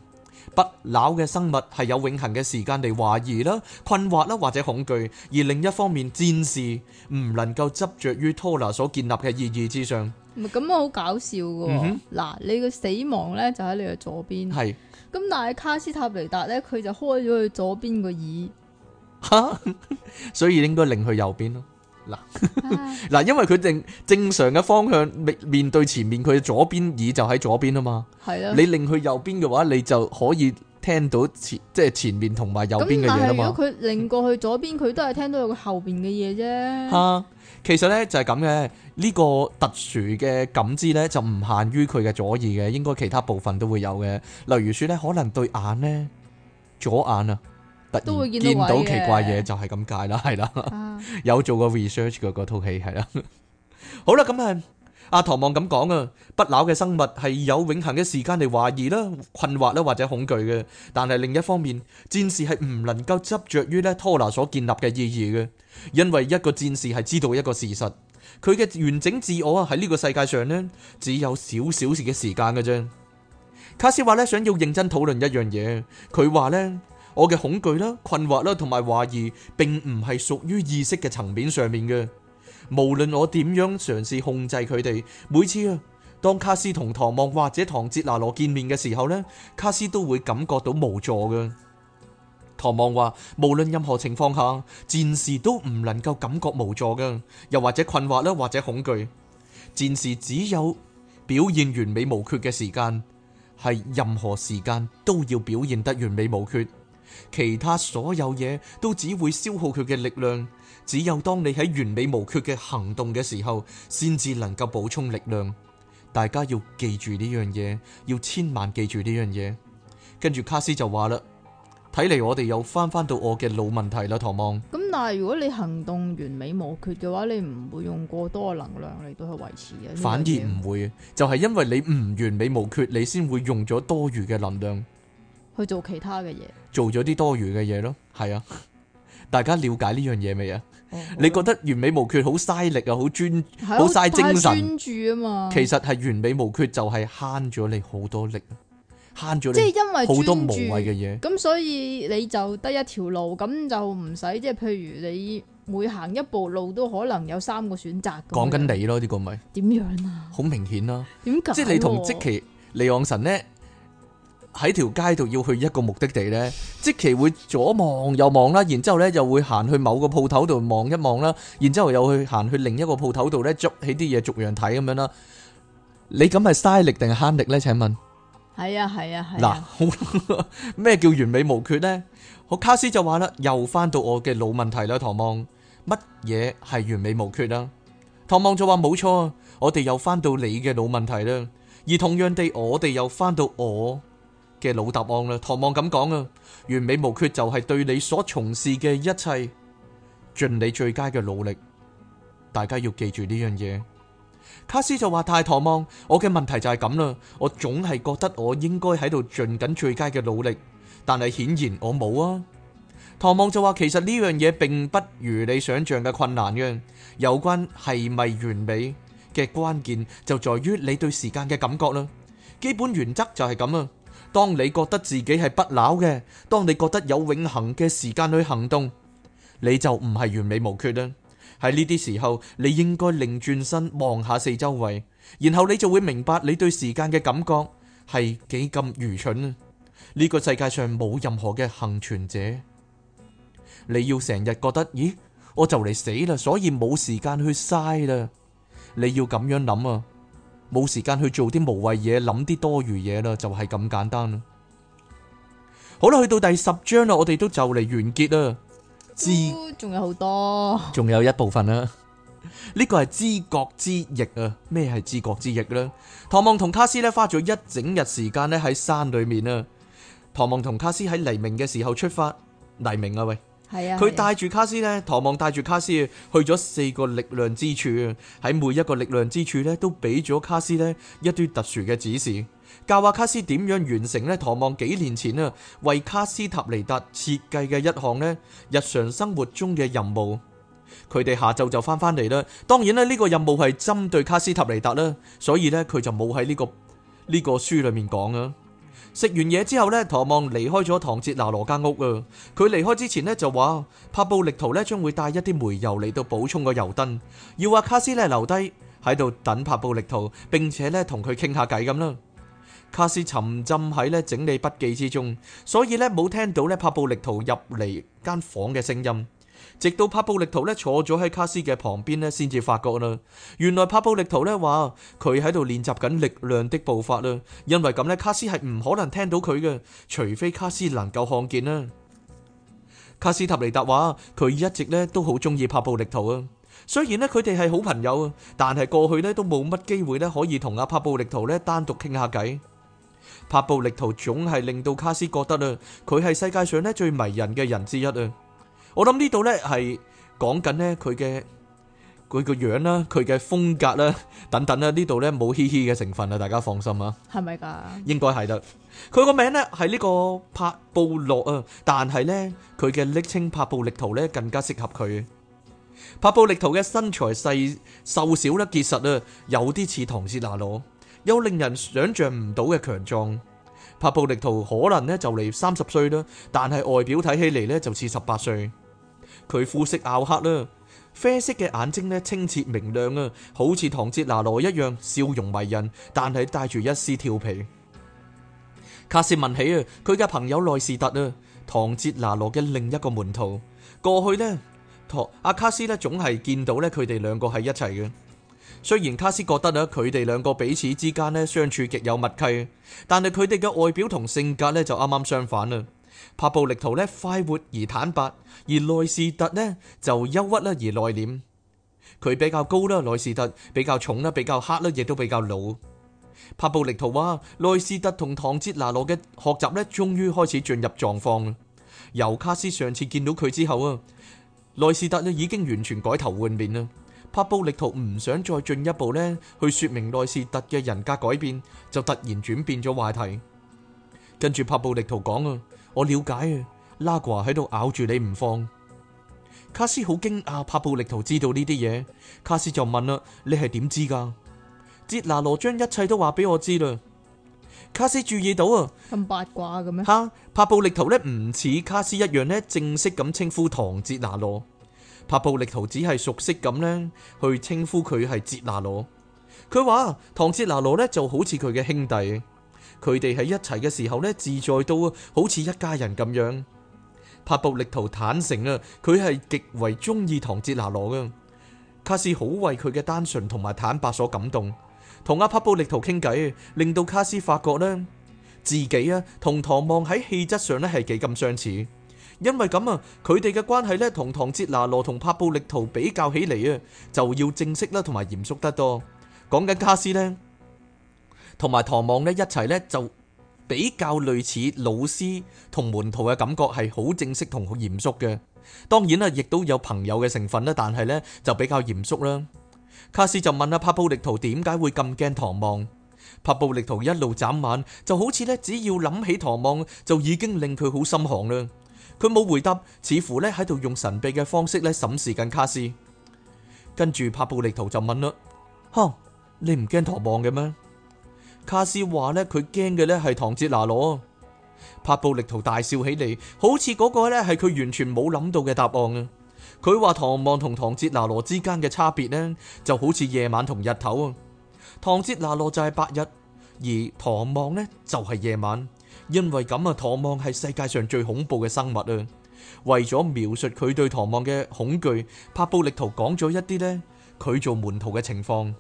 不朽嘅生物係有永恆嘅時間嚟懷疑啦、困惑啦或者恐懼，而另一方面戰士唔能夠執着於托拿所建立嘅意義之上。咪咁啊，好搞笑噶！嗱、嗯哼，你個死亡咧就喺你嘅左邊，係是。咁但係卡斯塔尼達咧，佢就開咗佢左邊個耳， 所以應該擰去右邊咯。嗱嗱， 因為佢正正常嘅方向，面面對前面，佢左邊耳就喺左邊啊嘛。係咯的，你擰佢右邊嘅話，你就可以聽到前即係前面同埋右邊嘅嘢啊嘛。咁但係如果佢擰過去左邊，佢都係聽到佢後邊嘅嘢啫。吓、啊，其實咧就係咁嘅，呢、這個特殊嘅感知咧就唔限於佢嘅左耳嘅，應該其他部分都會有嘅。例如說咧，可能對眼咧，左眼啊。突然見到奇怪嘢，就係咁解啦，係啦、啊， 有做過 research 嘅嗰套戲係啦。 好啦，咁啊，阿唐望咁講啊，不朽嘅生物係有永恒嘅時間嚟懷疑啦、困惑啦或者恐懼嘅。但係另一方面，戰士係唔能夠執着於咧托拿所建立嘅意義嘅，因為一個戰士係知道一個事實，佢嘅完整自我啊喺呢個世界上呢，只有少少時嘅時間嘅啫。卡斯話呢，想要認真討論一樣嘢，佢話呢。我嘅恐懼啦、困惑啦，同埋懷疑，並唔係屬於意識嘅層面上面嘅。無論我點樣嘗試控制佢哋，每次啊，當卡斯同唐望或者唐哲拿羅見面嘅時候咧，卡斯都會感覺到無助嘅。唐望話：無論任何情況下，戰士都唔能夠感覺無助嘅，又或者困惑啦，或者恐懼。戰士只有表現完美無缺嘅時間，係任何時間都要表現得完美無缺。其他所有嘢都只會消耗佢嘅力量，只有當你喺完美無缺嘅行動嘅時候，先至能夠補充力量。大家要記住呢樣嘢，要千萬記住呢樣嘢。跟住卡斯就話啦，睇嚟我哋又翻翻到我嘅老問題啦，唐望。咁但係如果你行動完美無缺嘅話，你唔會用過多嘅能量嚟到去維持嘅。反而唔會，就係因為你唔完美無缺，你先會用咗多餘嘅能量。去做其他嘅嘢，做咗啲多餘嘅嘢咯，係啊！大家了解呢樣嘢未啊？你覺得完美無缺好嘥力啊，好專好嘥精神專注啊嘛？其實係完美無缺就係慳咗你好多力，慳咗你即係因為好多無謂嘅嘢，咁所以你就得一條路，咁就唔使即係，譬如你每行一步路都可能有三個選擇。講緊你咯，呢個咪點樣啊？好明顯啊，點解即係你同即其李昂臣咧？喺條街度要去一個目的地呢，即期會左望右望啦，然之後呢又會行去某個鋪頭度望一望啦，然之後又去行去另一個鋪頭度呢捉起啲嘢，逐樣睇咁樣啦。你咁係嘥力定係慳力呢？請問，係啊，係啊，係嗱，咩叫完美無缺呢？我卡斯就話啦，又翻到我嘅老問題啦。唐望，乜嘢係完美無缺啊？唐望就話冇錯，我哋又翻到你嘅老問題啦。而同樣地，我哋又翻到我嘅老答案啦，唐望咁講啊，完美無缺就係對你所從事嘅一切盡你最佳嘅努力。大家要記住呢樣嘢。卡斯就話：，太唐望，我嘅問題就係咁啦，我總係覺得我應該喺度盡緊最佳嘅努力，但係顯然我冇啊。唐望就話：，其實呢樣嘢並不如你想象嘅困難嘅。有關係咪完美嘅關鍵，就在於你對時間嘅感覺啦。基本原則就係咁啊。當你覺得自己係不老嘅，當你覺得有永恒嘅時間去行動，你就唔係完美無缺啦。喺呢啲時候，你應該擰轉身望下四周圍，然後你就會明白你對時間嘅感覺係幾咁愚蠢啊！呢個世界上冇任何嘅幸存者，你要成日覺得，咦，我就嚟死啦，所以冇時間去嘥啦，你要咁樣諗啊！冇時間去做啲無謂嘢，諗啲多餘嘢啦，就係咁簡單啦。好啦，去到第十章啦，我哋都就嚟完結啦。知仲有好多，仲有一部分啦。呢個係知覺之翼啊，咩係知覺之翼啦？唐望同卡斯呢花咗一整日時間呢喺山裏面啊。唐望同卡斯喺黎明嘅時候出發，黎明啊喂。佢帶住卡斯呢，唐望帶住卡斯去咗四個力量之處，喺每一個力量之處呢，都俾咗卡斯呢一啲特殊嘅指示，教阿卡斯點樣完成呢唐望幾年前啊為卡斯塔尼達設計嘅一項呢日常生活中嘅任務。佢哋下晝就翻返嚟啦，當然啦呢個任務係針對卡斯塔尼達啦，所以呢，佢就冇喺呢個呢個書裏面講啊。食完嘢之後咧，唐望離開咗唐哲拿羅間屋啊！佢離開之前呢，就話：帕布力圖呢，將會帶一啲煤油嚟到補充個油燈，要話卡斯咧留低喺度等帕布力圖，並且咧同佢傾下偈咁啦。卡斯沉浸喺咧整理筆記之中，所以咧冇聽到咧帕布力圖入嚟間房嘅聲音。直到帕布力圖咧坐咗喺卡斯嘅旁邊咧，先至發覺啦。原來帕布力圖咧話佢喺度練習緊力量的步伐啦。因為咁咧，卡斯係唔可能聽到佢嘅，除非卡斯能夠看見啦。卡斯塔尼達話佢一直咧都好中意帕布力圖啊。雖然咧佢哋係好朋友啊，但係過去咧都冇乜機會咧可以同阿帕布力圖咧單獨傾下偈。帕布力圖總係令到卡斯覺得啊，佢係世界上咧最迷人嘅人之一啊。我諗呢度呢係講緊呢，佢嘅佢個樣啦，佢嘅風格啦，等等啦，呢度呢冇嘻嘻嘅成分啊，大家放心啊，係咪噶？應該係得。佢個名呢係呢個帕布洛啊，但係呢，佢嘅昵稱帕布力圖呢更加適合佢。帕布力圖嘅身材細瘦小啦結實啦，有啲似唐斯娜羅，又令人想象唔到嘅強壯。帕布力圖可能呢就嚟三十歲啦，但係外表睇起嚟呢就似十八歲。佢膚色黝黑啦，啡色嘅眼睛呢清澈明亮啊，好似唐哲拿羅一樣，笑容迷人，但係帶住一絲調皮。卡斯問起啊，佢嘅朋友內士特啊，唐哲拿羅嘅另一個門徒，過去呢，托阿卡斯呢總係見到呢佢哋兩個係一齊嘅。雖然卡斯覺得呢佢哋兩個彼此之間呢相處極有默契，但係佢哋嘅外表同性格呢就啱啱相反啊。帕布力圖咧快活而坦白，而內士特咧就憂鬱啦而內斂。佢比較高啦，內士特比較重啦，比較黑啦，亦都比較老。帕布力圖話：內士特同唐哲拿羅嘅學習咧，終於開始進入狀況啦。由卡斯上次見到佢之後啊，內士特咧已經完全改頭換面啦。帕布力圖唔想再進一步咧去說明內士特嘅人格改變，就突然轉變咗話題。跟住帕布力圖講啊。我了解啊，拉瓜喺度咬住你唔放。卡斯好驚訝，帕布力圖知道呢啲嘢，卡斯就問啦：你係點知噶？傑拿羅將一切都話俾我知啦。卡斯注意到啊，咁八卦嘅咩？哈、啊，帕布力圖呢唔似卡斯一樣咧正式咁稱呼唐傑拿羅，帕布力圖只係熟悉咁呢去稱呼佢係傑拿羅。佢話唐傑拿羅呢就好似佢嘅兄弟。佢哋喺一齊嘅時候呢，自在到啊，好似一家人咁樣。帕布力圖坦誠啊，佢係極為中意唐哲拿羅嘅。卡斯好為佢嘅單純同埋坦白所感動，同阿帕布力圖傾偈，令到卡斯發覺呢，自己啊同唐望喺氣質上呢係幾咁相似。因為咁啊，佢哋嘅關係呢，同唐哲拿羅同帕布力圖比較起嚟啊，就要正式啦同埋嚴肅得多。講緊卡斯呢。同埋唐望呢一齊呢，就比較類似老師同門徒嘅感覺，係好正式同好嚴肅嘅，當然啦，亦都有朋友嘅成分啦，但係呢就比較嚴肅啦。卡斯就問阿帕布力圖點解會咁驚唐望？帕布力圖一路眨眼，就好似呢只要諗起唐望就已經令佢好心寒啦。佢冇回答，似乎呢喺度用神秘嘅方式呢審視緊卡斯。跟住帕布力圖就問啦：「哼，你唔驚唐望嘅咩？卡斯話咧，佢驚嘅咧係唐哲拿羅。帕布力圖大笑起嚟，好似嗰個咧係佢完全冇諗到嘅答案啊！佢話唐望同唐哲拿羅之間嘅差別呢，就好似夜晚同日頭啊。唐哲拿羅就係白日，而唐望呢就係夜晚。因為咁啊，唐望係世界上最恐怖嘅生物啊！為咗描述佢對唐望嘅恐懼，帕布力圖講咗一啲呢，佢做門徒嘅情況。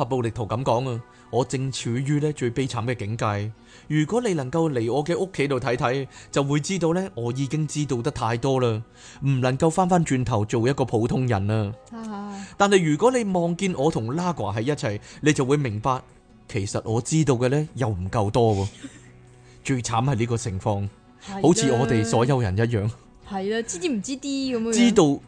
拍暴力圖咁講啊！我正處於呢最悲慘嘅境界。如果你能夠嚟我嘅屋企度睇睇，就會知道呢，我已經知道得太多啦，唔能夠返返轉頭做一個普通人啦。 但係如果你望見我同拉瓜喺一齊，你就會明白，其實我知道嘅呢又唔夠多。 最慘係呢個情況， 好似我哋所有人一樣。係啦，知啲唔知啲咁樣。知道，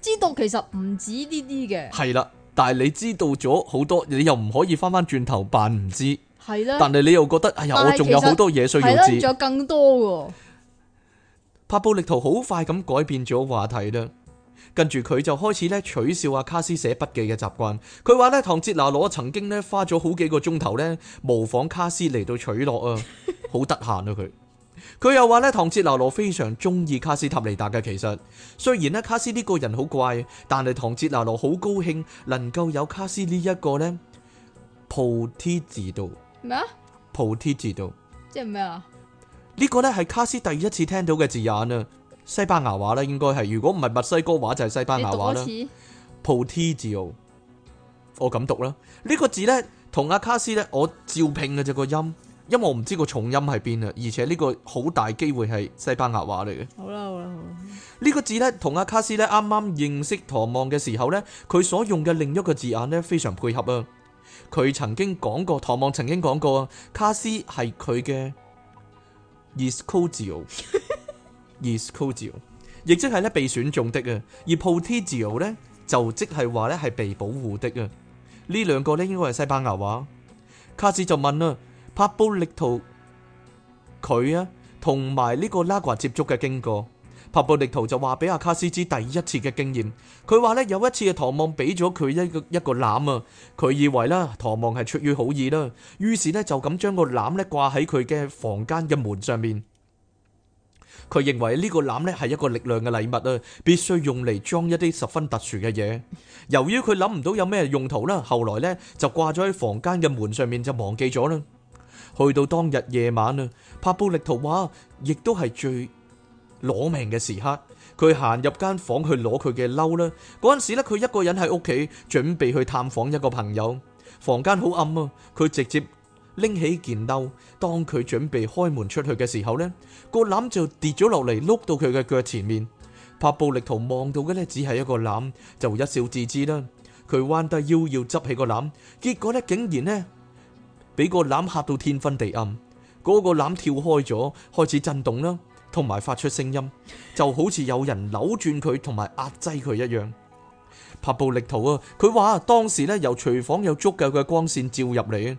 知道其實唔止呢啲嘅。係啦。但係你知道咗好多，你又唔可以返返轉頭扮唔知。係啦的，但係你又覺得哎呀，我仲有好多嘢需要知。係啦，仲有更多嘅。拍布力圖好快咁改變咗話題啦，跟住佢就開始咧取笑阿卡斯寫筆記嘅習慣。佢話咧，唐哲娜羅曾經咧花咗好幾個鐘頭咧模仿卡斯嚟到取樂 啊，好得閒啊佢。佢又話咧，唐哲那羅非常中意卡斯塔尼達嘅。其實雖然咧，卡斯呢個人好怪，但係唐哲那羅好高興能夠有卡斯呢一個呢？p 提 t 字度咩啊？po t 字度即係咩啊？個呢個咧係卡斯第一次聽到嘅字眼啊！西班牙話咧應該係，如果唔係墨西哥話就係，是，西班牙話啦。p 提 t 字度，我噉讀啦。呢，這個字呢，同阿卡斯咧，我照拼嘅只個音。因為我唔知個重音喺邊啊，而且呢個好大機會係西班牙話嚟嘅。好啦好啦好啦，呢個字呢，同阿卡斯呢啱啱認識唐望嘅時候呢，佢所用嘅另一個字眼呢，非常配合啊。佢曾經講過，唐望曾經講過啊，卡斯係佢嘅 escogido，escogido，亦即係呢被選中的啊，而 protegido 呢就即係話呢係被保護的啊。呢兩個呢應該係西班牙話。卡斯就問啦。帕布力圖佢啊，同埋呢個拉瓜接觸嘅經過，帕布力圖就話俾阿卡斯茲第一次嘅經驗。佢話呢有一次嘅唐望俾咗佢一個一個籃啊，佢以爲啦唐望係出於好意啦，於是呢就咁將個籃呢掛喺佢嘅房間嘅門上面。佢認爲呢個籃呢係一個力量嘅禮物啊，必須用嚟裝一啲十分特殊嘅嘢。由於佢諗唔到有咩用途啦，後來呢就掛咗喺房間嘅門上面就忘記咗啦。去到當日夜晚啦，拍布力圖話亦都係最攞命嘅時刻。佢行入間房去攞佢嘅褸啦，嗰陣時咧，佢一個人喺屋企準備去探訪一個朋友。房間好暗啊，佢直接拎起件褸。當佢準備開門出去嘅時候咧，個籃就跌咗落嚟碌到佢嘅腳前面。拍布力圖望到嘅咧只係一個籃，就一笑置之啦。佢彎低腰要執起個籃，結果咧竟然咧。俾個籃吓到天昏地暗，嗰個籃跳開咗，開始震動啦，同埋發出聲音，就好似有人扭轉佢同埋壓擠佢一樣。帕布力圖啊，佢話當時咧由廚房有足夠嘅光線照入嚟啊，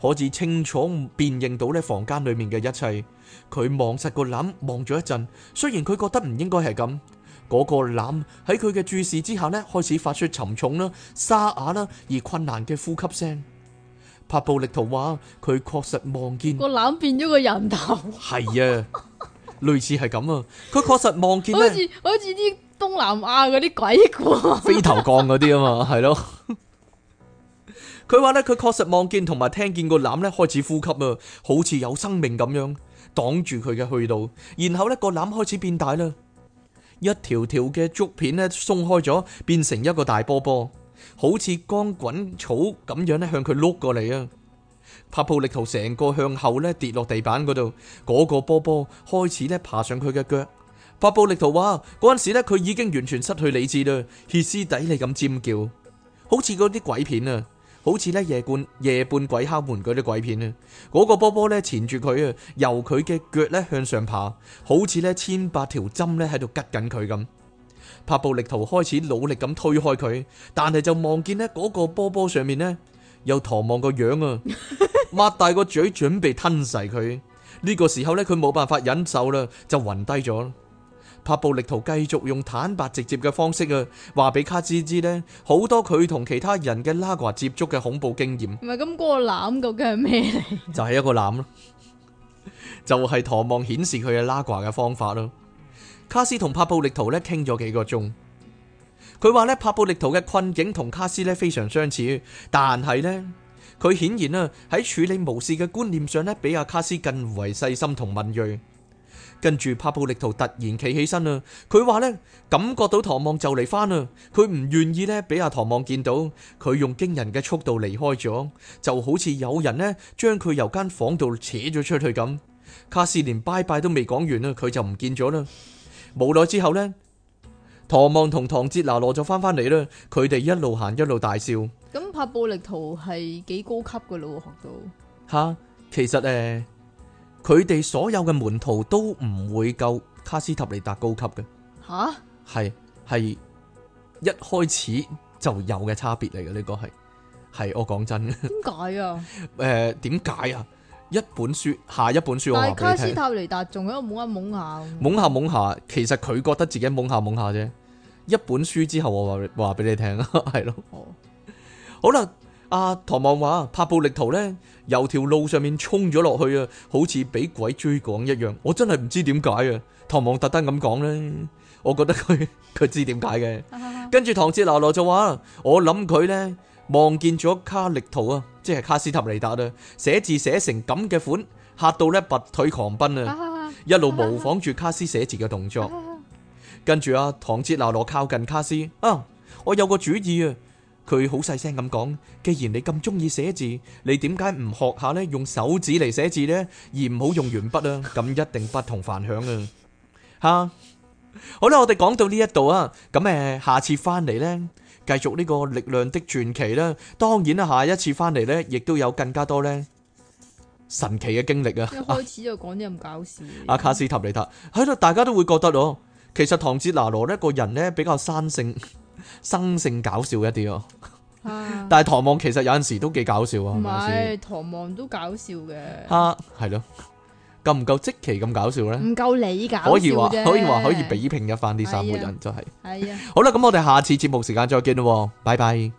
可至清楚辨認到咧房間裏面嘅一切。佢望實個籃，望咗一陣，雖然佢覺得唔應該係咁，嗰個籃喺佢嘅注視之下咧開始發出沉重啦、沙啞啦而困難嘅呼吸聲。柏布力圖話，佢確實望見個籃變咗個人頭，係啊，類似係咁啊。佢確實望見，好似好似啲東南亞嗰啲鬼過飛頭降嗰啲啊嘛，係咯。佢話咧，佢確實望見同埋聽見個籃咧開始呼吸啊，好似有生命咁樣擋住佢嘅去路。然後咧個籃開始變大啦，一條條嘅竹片咧鬆開咗，變成一個大波波。好似江滾草咁樣咧向佢碌過嚟啊！帕布力圖成個向後咧跌落地板嗰度，嗰、那個波波開始咧爬上佢嘅腳。帕布力圖話嗰陣時咧佢已經完全失去理智啦，歇斯底里咁尖叫，好似嗰啲鬼片啊，好似咧夜半夜半鬼敲門嗰啲鬼片啊！嗰、那個波波咧纏住佢啊，由佢嘅腳咧向上爬，好似咧千百條針咧喺度拮緊佢咁。帕布力圖開始努力咁推開佢，但係就望見喺嗰個波波上面呢，有唐望個樣啊，擘大個嘴準備吞噬佢。呢、呢個時候呢，佢冇辦法忍受啦，就暈低咗。帕布力圖繼續用坦白直接嘅方式啊，話俾卡茲茲呢，好多佢同其他人嘅拉瓜接觸嘅恐怖經驗。唔係咁，嗰個攬究竟係咩嚟？就係一個攬咯，就係唐望顯示佢嘅拉瓜嘅方法咯。卡斯同帕布力圖咧傾咗幾個鐘，佢話咧帕布力圖嘅困境同卡斯咧非常相似，但係呢，佢顯然啊喺處理事務嘅觀念上咧比阿卡斯更為細心同敏銳。跟住帕布力圖突然企起身啊，佢話呢，感覺到唐望就嚟翻啊，佢唔願意呢，俾阿唐望見到，佢用驚人嘅速度離開咗，就好似有人咧將佢由間房度扯咗出去咁。卡斯連拜拜都未講完啦，佢就唔見咗啦。無奈之後呢，唐望同唐哲拿羅咗翻翻嚟啦。佢哋一路行一路大笑。咁拍布力圖係幾高級噶咯？學到吓，其實誒，佢、呃、哋所有嘅門徒都唔會夠卡斯塔尼達高級嘅。吓哈，係係一開始就有嘅差別嚟嘅呢個係，係我講真。點解啊？誒 、呃，點解啊？一本書，下一本書我話俾你聽。卡斯塔尼達仲喺度懵下懵下，懵下懵下。其實佢覺得自己懵下懵下啫。一本書之後我話話俾你聽啊，係 咯。哦、好啦，阿、啊、唐望話拍布力圖咧，由條路上面衝咗落去啊，好似俾鬼追趕一樣。我真係唔知點解啊。唐望特登咁講咧，我覺得佢佢知點解嘅。 跟住唐哲娜羅就話，我諗佢咧。望見咗卡力圖啊，即係卡斯塔尼達啊，寫字寫成咁嘅款，嚇到咧拔腿狂奔啊！一路模仿住卡斯寫字嘅動作，跟住啊唐哲娜羅靠近卡斯啊！我有個主意啊！佢好細聲咁講：既然你咁中意寫字，你點解唔學下咧用手指嚟寫字咧，而唔好用鉛筆啊？咁一定不同凡響啊！吓，好啦，我哋講到呢一度啊，咁誒，下次翻嚟咧。繼續呢個力量的傳奇啦，當然啦，下一次翻嚟呢，亦都有更加多呢神奇嘅經歷啊！一開始就講啲咁搞笑。阿卡斯塔利塔喺度，大家都會覺得哦，其實唐哲拿羅呢一個人呢比較生性生性，搞笑一啲哦，但係唐望其實有陣時都幾搞笑啊，唔係唐望都搞笑嘅，啊係咯。夠唔夠即期咁搞笑咧？唔夠你搞笑啫可以話，可以話，可以比拼一翻啲三個人就係。係啊，好啦，咁我哋下次節目時間再見啦，拜拜。